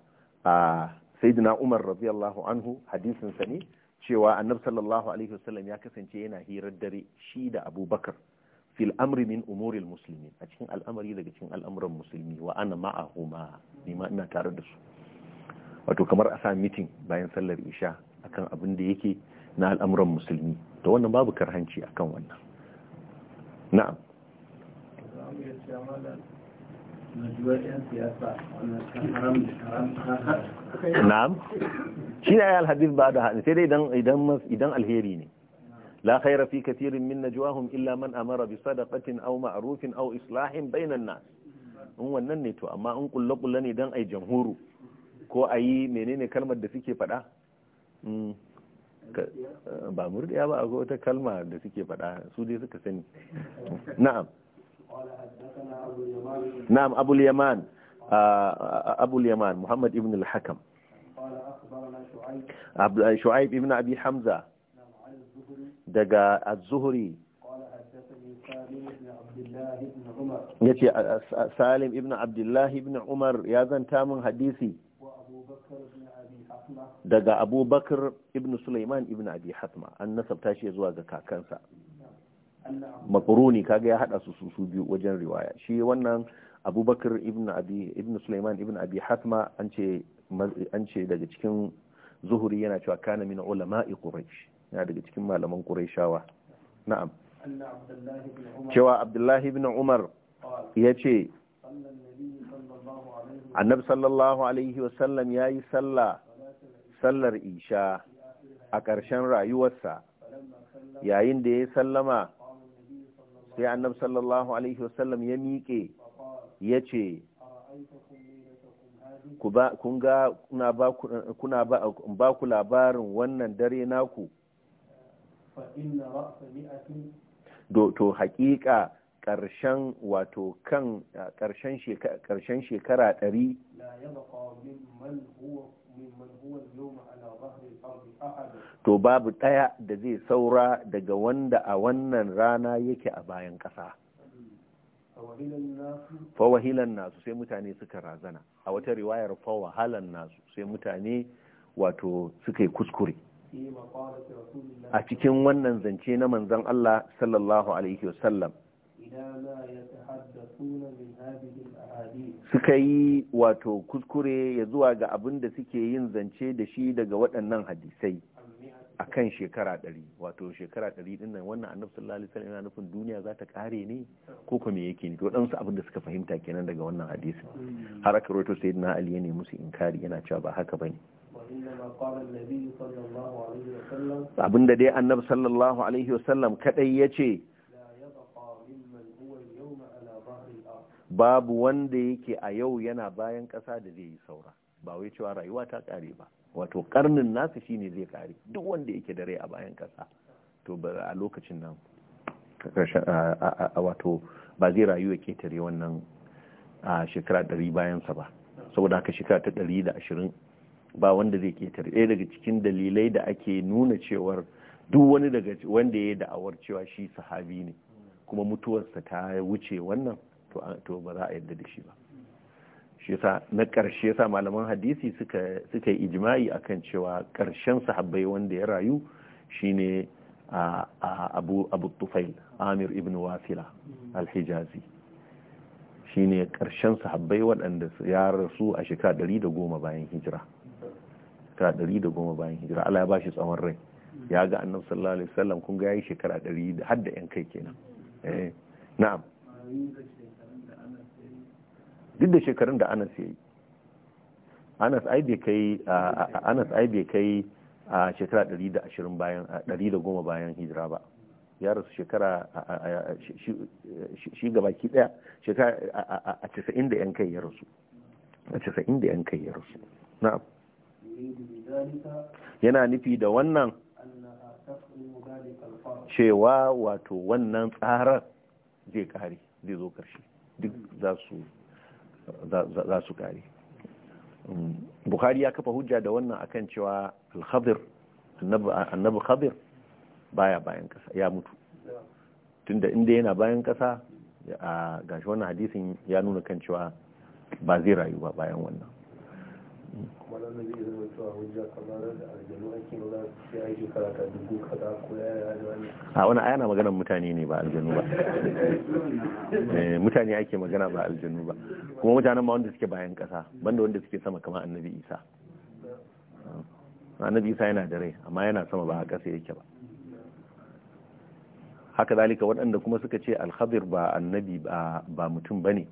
sayyidina umar radiyallahu anhu hadisin sa ne cewa annabi sallallahu alaihi wasallam ya kasance yana hirar dare shi da abubakar fil amri min umuril muslimin a cikin al'amari daga cikin al'amuran musulmi wa ana ma'ahuma ni ma ina tare da su wato kamar a sa mitin bayan sallar isha akan abin da yake na al'amuran musulmi to wannan babu karhanci akan wannan na'am na'am shi ne ba da hadith sai dai idan alheri ne la khaira fi katirin min najuwahum illa man amara bi sadaqatin aw ma'rufin aw islahin bainan nas in wannan ne to amma in kulle kulle ne dan ai jamhuru ko ayi menene kalmar da suke faɗa hmm. ba murdiya ba akwai wata kalma da suke faɗa su dai suka sani na'am نعم أبو اليمان أبو اليمان محمد ابن الحكم شعيب ابن أبي حمزة دقى الزهري يتي سالم ابن عبد الله ابن عمر يا ذن تامن حديثي دقى أبو بكر ابن سليمان ابن أبي حتمة النسب تاشي زواج كاكنسا makaruni kaga ya hada su su biyu wajen riwaya shi wannan abubakar ibn abi ibn sulaiman ibn abi hatma an ce an ce daga cikin zuhuri yana cewa kana min ulama'i quraish yana daga cikin malaman quraishawa na'am cewa abdullahi ibn umar ya ce annabi sallallahu alaihi wasallam ya yi sallar isha a ƙarshen rayuwarsa yayin da ya sallama sai annab sallallahu alaihi wasallam ya miƙe ya ce kuna ba ku labarin wannan dare naku to haƙiƙa ƙarshen wato kan ƙarshen shekara ɗari to babu ɗaya da zai saura daga wanda a wannan rana yake a bayan ƙasa fawahilan nasu sai mutane suka razana a wata riwayar fawahalan nasu sai mutane wato suka yi kuskure a cikin wannan zance na manzan Allah sallallahu alaihi wasallam suka yi wato kuskure ya zuwa ga abin da suke yin zance da shi daga waɗannan hadisai a kan shekara ɗari wato shekara ɗari ɗin nan wannan annabi sallallahu alaihi nufin duniya za ta ƙare ne ko kuma yake ne to ɗansu abin da suka fahimta kenan daga wannan hadisai hmm. har aka rawaito sayyidina ali ya ne musu kari yana cewa ba haka bane abin da dai annabi sallallahu alaihi wasallam kadai ya ce babu wanda yake a yau yana bayan ƙasa da zai yi saura ba wai cewa rayuwa ta ƙare ba wato karnin nasa shine zai kare duk wanda yake da rai a bayan ƙasa to ba a lokacin nan wato ba zai rayu ya ketare wannan a shekara ɗari bayansa ba saboda haka shekara ta ɗari da ashirin ba wanda zai ketare ɗaya daga cikin dalilai da ake nuna cewar duk wani daga wanda ya yi da'awar cewa shi sahabi ne kuma mutuwarsa ta wuce wannan to ba za a yarda da shi ba shi yasa na ƙarshe yasa malaman hadisi suka suka yi ijma'i akan cewa ƙarshen sahabbai wanda ya rayu shine a abu abu tufail amir ibn wasila al-hijazi shine ƙarshen sahabbai waɗanda ya rasu a shekara 110 bayan hijira shekara 110 bayan hijira Allah ya bashi tsawon rai ya ga annabi sallallahu alaihi wasallam kun ga yayi shekara 100 har da yan kai kenan eh na'am duk da shekarun da anas ya yi anas ai bai kai anas ai bai kai a shekara 120 bayan 110 bayan hijira ba ya rasu shekara shi gabaki daya shekara a 90 da yan kai ya rasu a 90 da yan kai ya rasu na'am yana nufi da wannan cewa wato wannan tsarar zai kare zai zo karshe duk za su za su kare um, bukhari ya kafa hujja da wannan akan cewa al annabu annabi baya bayan kasa ya mutu tunda inda yana bayan kasa a gashi wannan hadisin ya nuna kan cewa ba zai rayu ba bayan wannan wani zama cewa hujja kamar aljanu ake sai karata dubu kaza ko ya wani a wani ayana maganar mutane ne ba aljanu ba eh, mutane ake magana ba aljanu ba kuma mutanen ma wanda suke bayan kasa banda wanda suke sama kamar annabi isa ah, annabi isa yana da rai amma yana sama ba a kasa yake ba haka zalika waɗanda kuma suka ce alhazir ba annabi ba mutum ba ne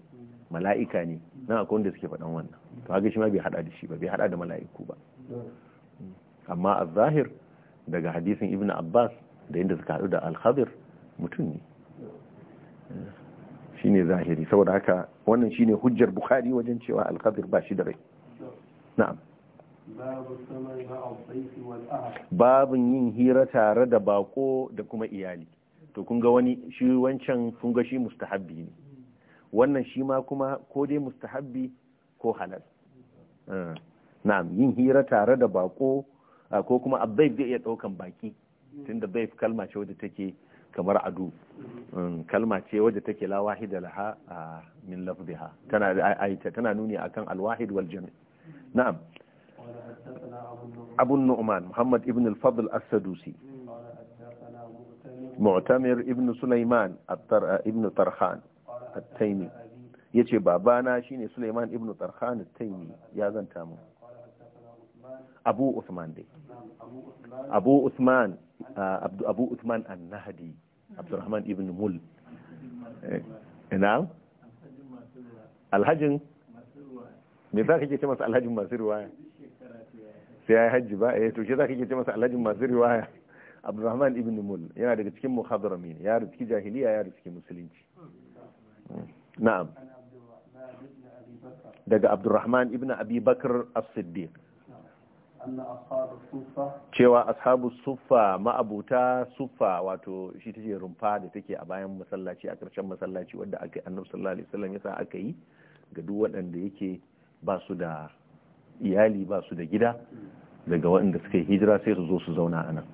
mala'ika ne nan akwai wanda suke faɗan wannan to haka shi ma bai hada da shi ba bai hada da mala'iku ba amma a zahir daga hadisin ibn abbas da yadda suka hadu da alhadir mutum ne shi zahiri saboda haka wannan shi hujjar bukhari wajen cewa alhadir ba shi da rai na'am babin yin hira tare da bako da kuma iyali to kun ga wani shi wancan kun ga shi mustahabbi ne wannan shi ma kuma ko dai mustahabbi ko halal eh, na'am yin hira tare da bako ko kuma Abbaif zai iya daukan baki tunda daif kalma ce wadda take kamar adu mm, kalma ce wadda take la wahida laha min lafziha tana aita tana nuni akan alwahid wal jami' na'am abu nu'man muhammad ibn al-fadl as-sadusi معتمر ابن سليمان ابن طرخان at-taimi yace babana shine Sulaiman ibn Tarhan at-taimi ya zanta mu Abu Usman dai Abu Usman ah, Abu an-Nahdi Abdurrahman ibn Mul eh, na'am alhajin me za ka ce masa alhajin sai ya hajji ba eh to shi za ka ce masa alhajin masu abdurrahman ibn mul yana daga cikin muhadarami ya musulunci na'am daga abdurrahman ibn Abibakar bakr as-siddiq cewa ashabu suffa ma'abuta suffa wato shi take rumfa da take a bayan masallaci a karshen masallaci wadda aka annabi sallallahu alaihi wasallam yasa aka yi ga duk waɗanda yake ba su da iyali ba su da gida daga waɗanda suka yi hijira sai su zo su zauna a nan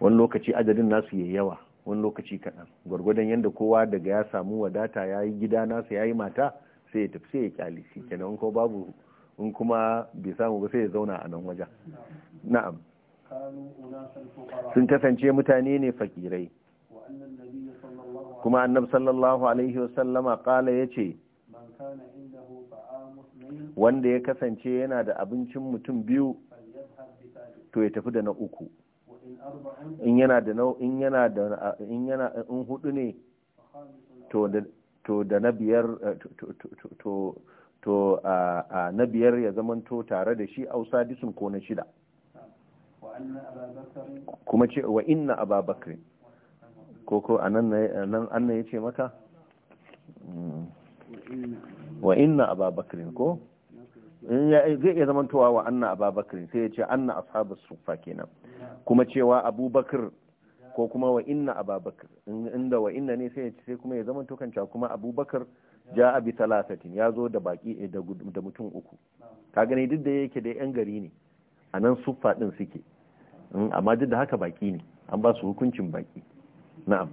wani lokaci adadin nasu yayi yawa wani lokaci kaɗan gwargwadon yadda kowa daga ya samu wadata ya yi gida nasa ya yi mata sai ya tafi sai ya kyale shi kenan in kuma babu in kuma bai samu ba sai ya zauna a nan wajen na'am sun kasance mutane ne fakirai kuma annab sallallahu alaihi wasallama kala ya ce wanda ya kasance yana da abincin mutum biyu to ya tafi da na uku in yana da nau in yana da in yana in hudu ne to da to da na biyar eh, to to a na biyar ya zamanto tare da shi ausa disun ko na shida kuma ce wa inna ababakar ko ko anan annan ya ce maka hmm. wa inna ababakar ko zai iya zamantowa wa anna ababakar sai ya ce anna ashabas sufa kenan kuma cewa abubakar ko kuma wa inna ababakar inda wa inna ne sai sai kuma ya zama tokanca kuma abubakar ja abi talatin ya zo da baki eh, da mutum uku ka gani duk da yake da yan gari ne a nan suffa din suke mm, amma duk da haka baki ne an ba su hukuncin baki na'am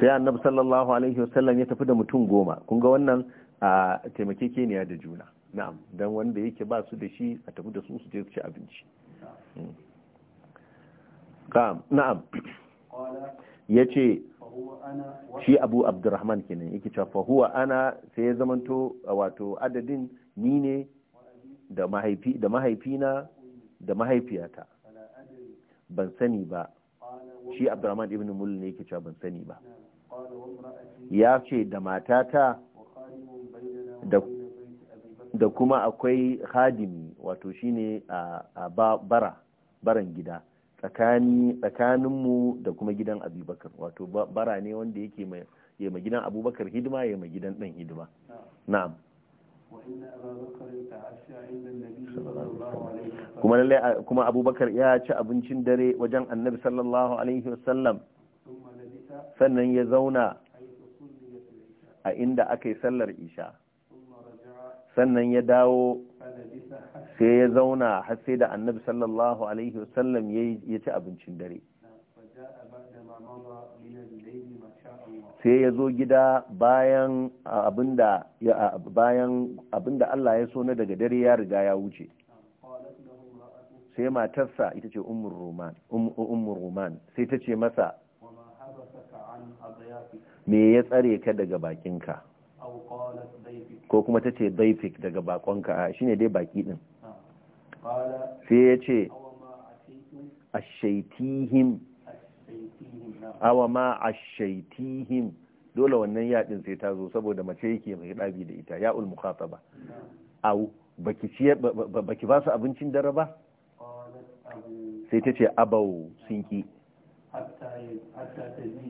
sai annabi sallallahu alaihi wasallam ya tafi da mutum goma kun ga wannan a taimakekeniya da juna na'am dan wanda yake ba su da shi a tafi da su su je su ci abinci hmm. na'am ya ce shi abu abdurrahman kenan yake cewa fa huwa ana sai ya zamanto wato adadin ni ne da mahaifi da mahaifina da mahaifiyata ban sani ba shi abdurrahman ibn mul ne yake cewa ban sani ba ya ce da matata da da kuma akwai hadimi wato shine a bara baran gida tsakaninmu da kuma gidan abubakar wato bara ne wanda yake ma gidan abubakar hidima ya ma gidan ɗan hidima na'am kuma lallai kuma abubakar ya ci abincin dare wajen annabi sallallahu alaihi wasallam sannan ya zauna a inda aka yi sallar isha sannan ya dawo sai ya zauna har sai da annabi sallallahu alaihi wasallam ya ci abincin dare sai ya zo gida bayan abinda Allah ya so na daga dare ya riga ya wuce sai matarsa ita ce umar roman umm, sai ta ce masa me ya tsare ka daga bakinka ko kuma ta ce daifik daga bakonka a shine dai baki din sai ya ce ashaitihim awa ma a ashaitihim dole wannan yadin sai ta zo saboda mace yake mai ɗabi da ita ya'ul mukhataba au baki ciye baki ba su abincin dare ba sai ta ce abau sun ki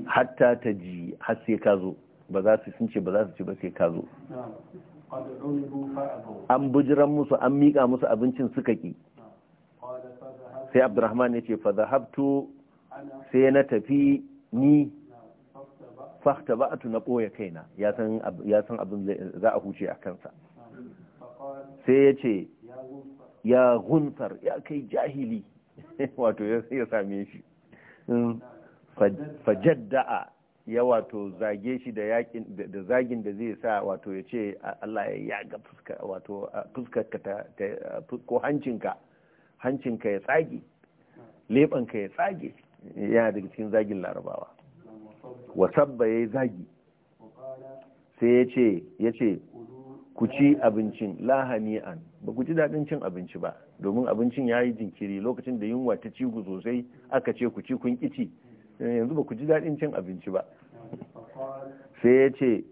hatta ta ji har sai ka zo ba za su ba za su ci ba sai ka zo an bujiran musu an miƙa musu abincin suka ki sai abdurrahman ya ce fa zahabtu sai na tafi ni fahta ba'atu na ɓoye kaina ya san abin za a huce a kansa sai ya ce ya gunfar ya kai jahili [laughs] wato ya same shi fajadda'a ya wato zage shi da yakin da zagin da zai sa wato ya ce Allah ya yaga fuska wato fuskarka ta ko hancinka hancinka ya tsage ka ya tsage yana daga cikin zagin larabawa wasabba ya zagi sai ya ce ya ce ku ci abincin lahani'an ba ku ji daɗin cin abinci ba domin abincin ya yi jinkiri lokacin da yunwa ta cigu sosai aka ce ku ci kun Eh, yanzu ba ku ji daɗin cin abinci ba sai ya ce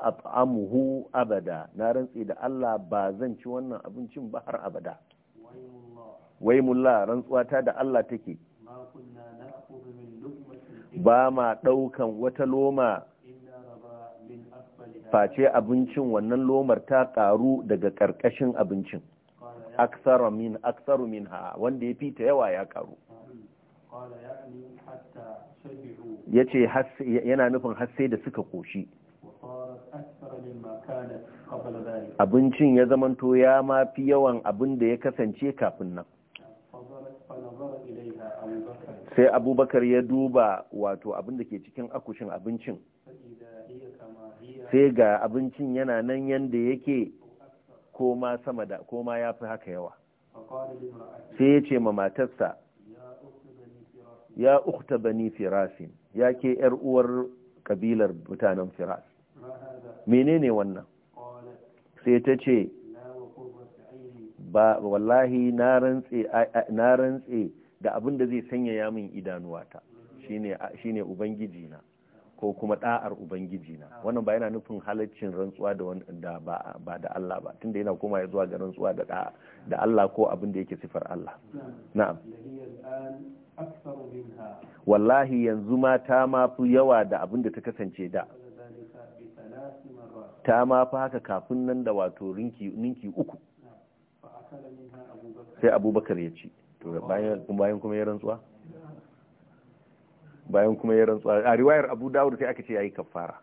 afamuhu abada na rantse da Allah ba zan ci wannan abincin ba har abada wai mulla rantsuwa ta da Allah take ba ma ɗaukan wata loma face abincin wannan lomar ta ƙaru daga ƙarƙashin abincin aksara min wanda ya fita yawa ya karu ya ce yana nufin hassai da suka koshi abincin ya zamanto ya ma fi yawan abin da ya kasance kafin nan sai abubakar ya duba wato abin da ke cikin akushin abincin sai ga abincin yana nan yadda yake Koma sama da koma ya fi haka yawa sai ya ce ma matarsa ya ukta bani firasin ya ke yar uwar kabilar mutanen firas menene wannan sai ta ce ba wallahi na rantse da abin da zai sanyaya min idanuwata mm-hmm. shine ubangiji na ko kuma da'ar ubangiji na wannan ba yana nufin halaccin rantsuwa da ba da Allah ba tunda yana koma zuwa ga rantsuwa da da Allah ko abin da yake sifar Allah na'am wallahi yanzu ma ta ma fi yawa da abin da ta kasance da ta ma fi haka kafin nan da wato ninki uku sai abubakar ya ci to bayan kuma ya rantsuwa bayan kuma ya rantsuwa a riwayar abu dawud sai aka ce yayi kafara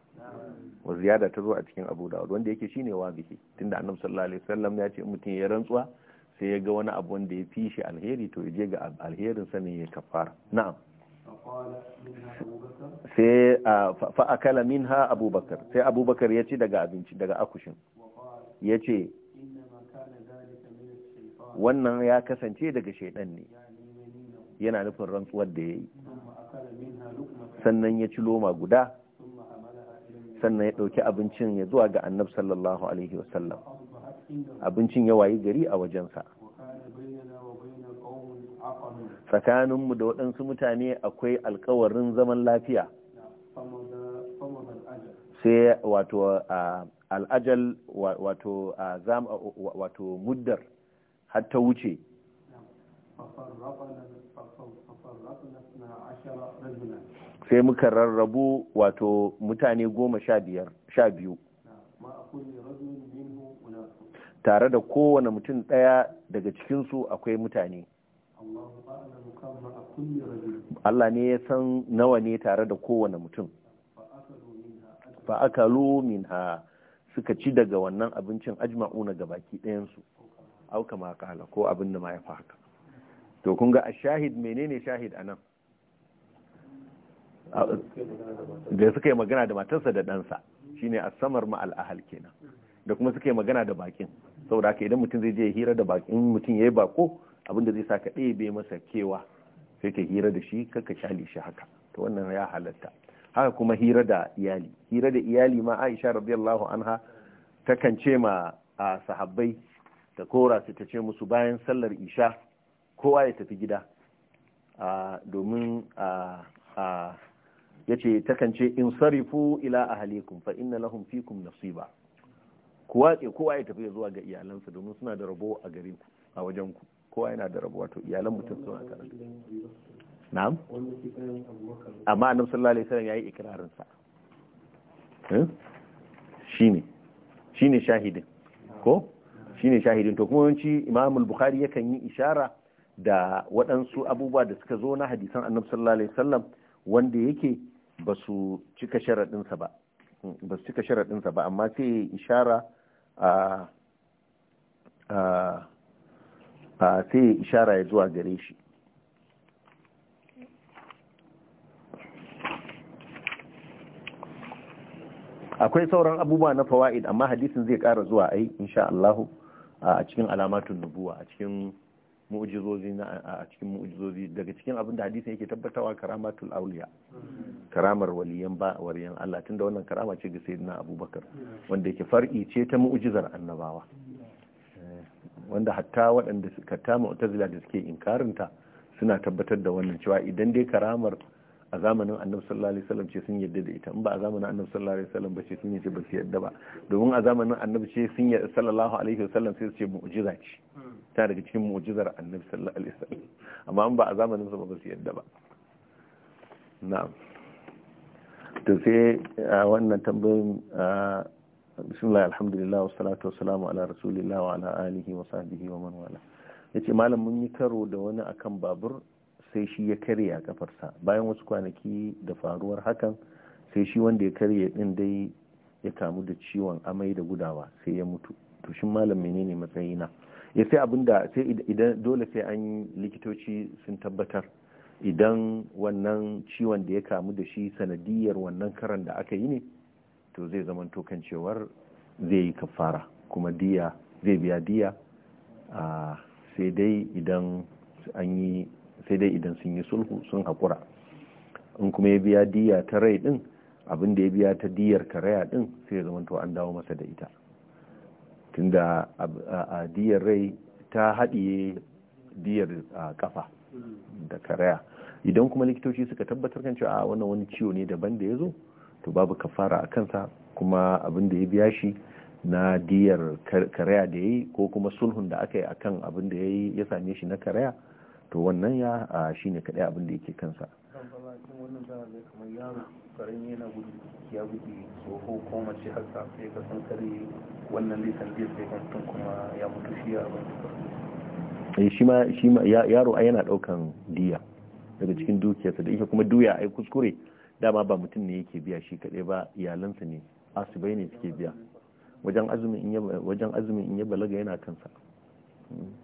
wa ziyada ta zo a cikin abu dawud wanda yake shine tun tunda annabi sallallahu alaihi wasallam ya ce mutum ya rantsuwa sai ya ga wani abu wanda ya fi shi alheri to ya je ga alherin sanin ya kafara na'am sai fa akala minha abubakar sai abubakar ya ci daga abinci daga akushin ya ce wannan ya kasance daga shaidan ne yana nufin rantsuwar da ya yi sannan ya ci loma guda sannan ya ɗauki abincin ya zuwa ga annab sallallahu alaihi wasallam abincin ya wayi gari a wajensa tsakaninmu da waɗansu mutane akwai alkawarin zaman lafiya sai wato a al'ajal wato muddar har ta wuce sai muka rarrabu wato mutane goma sha biyu tare da kowane mutum ɗaya daga cikinsu akwai mutane Allah ne ya san nawa ne tare da kowane mutum fa min ha suka ci daga wannan abincin ajma'una ga baki ɗayansu auka ma ko abin da ma ya fi haka to kun ga a shahid menene shahid a nan da suka yi magana da matarsa da ɗansa shine a samar ma al'ahal kenan da kuma suka yi magana da bakin saboda haka idan mutum zai je hira da bakin mutum ya yi bako abinda zai sa ka bai masa kewa sai ka hira da shi ka shali shi haka to wannan ya halatta haka kuma hira da iyali hira da iyali ma aisha radiyallahu anha takan ce ma a sahabbai ta kora su ta ce musu bayan sallar isha kowa ya tafi gida domin ya ce takance in sarifu ila ahalikum fa inna lahum fikum nasiba ku watse kowa ya tafi zuwa ga iyalansa domin suna da rabo a gare ku a wajen ku kowa yana da rabo wato iyalan mutum suna tare na'am amma annabi sallallahu alaihi wasallam yayi ikrarin sa hm? shine shine shahidin ko shine shahidin to kuma wanci imamul al-bukhari yakan yi ishara da waɗansu abubuwa da suka zo na hadisan annabi sallallahu alaihi wasallam wanda yake ba cika sharaɗinsa ba ba su cika sharaɗinsa ba amma sai ya ishara a sai ya zuwa gare shi akwai sauran abubuwa na fawa'id amma hadisin zai ƙara zuwa ai insha Allah a cikin alamatun nubuwa a cikin mu'jizozi a cikin mu'jizozi daga cikin abin da hadisin yake tabbatawa karamatul auliya hmm. karamar waliyan ba wariyan Allah tunda wannan karama ce ga sayyidina Abubakar hmm. wanda yake far'i ce ta mu'ujizar annabawa eh, wanda hatta waɗanda suka ta mu'tazila da suke inkarinta suna tabbatar da wannan cewa idan dai karamar a zamanin annabi sallallahu alaihi wasallam ce sun yadda da ita in ba a zamanin annabi sallallahu alaihi wasallam ba ce sun yadda ba su yadda ba domin a zamanin annabi ce sun yadda sallallahu alaihi wasallam sai su ce mu'jiza ce ta daga cikin mu'jizar annabi sallallahu alaihi wasallam amma in ba a zamanin sa ba su yadda ba na'am to sai wannan tambayoyin bismillah alhamdulillah wassalatu wassalamu ala rasulillah wa ala alihi wa sahbihi wa man wala yace malam mun yi karo da wani akan babur sai shi ya karya kafarsa bayan wasu kwanaki da faruwar hakan sai shi wanda ya karya din dai ya kamu da ciwon amai da gudawa sai ya mutu to shin malam menene matsayina ya sai da sai idan dole sai an likitoci sun tabbatar idan wannan ciwon da ya kamu da shi sanadiyar wannan karan da aka yi ne to zai zama tokan cewar zai yi kafara kuma diya zai biya diya ah, sai dai idan an yi sai dai idan sun yi sulhu sun haƙura in kuma ya biya diya ta rai din abin da ya biya ta diyar karaya din sai ya to an dawo masa da ita tunda a diyar rai ta haɗiye diyar kafa da karaya idan kuma likitoci suka tabbatar kan cewa wannan wani ciwo ne daban da ya zo to babu kafara a kansa kuma abin da ya biya shi na diyar karaya da ya yi ko kuma sulhun da aka yi akan abin da ya yi ya same shi na karaya to wannan ya shi ne kaɗai abin da yake kansa shi ma yaro a yana ɗaukan diya daga cikin dukiyarsa da ike kuma duya ai kuskure dama ba mutum ne yake biya shi kaɗai ba iyalansa ne asibai ne suke biya wajen azumin in ya balaga yana kansa hmm.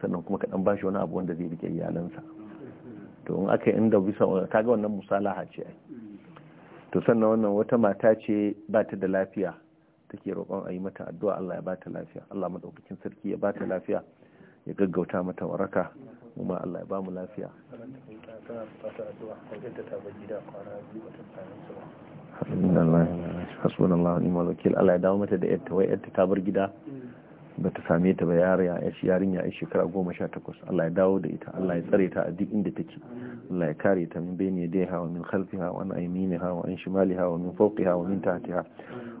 sannan kuma kaɗan bashi wani abu wanda zai rike iyalansa to in aka inda bisa kaga wannan musalaha ce ai to sannan wannan wata mata ce ba ta da lafiya take roƙon a yi mata addu'a Allah ya bata lafiya Allah madaukakin sarki ya bata lafiya ya gaggauta mata waraka kuma Allah ya ba mu lafiya Allah ya dawo mata da yadda wai yadda ta bar gida ba ta same ta ba yarinya ya ci yarinya shekara goma sha takwas Allah ya dawo da ita Allah ya tsare ta a duk inda take Allah ya kare ta min bayni yadai ha hawa min khalfi hawa wa an yamini ha wa an shimali ha wa min fawqi ha wa min tahti ha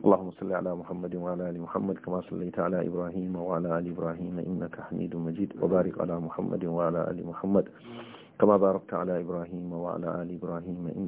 Allahumma salli ala Muhammad wa ala ali Muhammad kama ta ala Ibrahim wa ala ali Ibrahim innaka Hamidum Majid wa barik ala Muhammad wa ala ali Muhammad kama barakta ala Ibrahim wa ala ali Ibrahim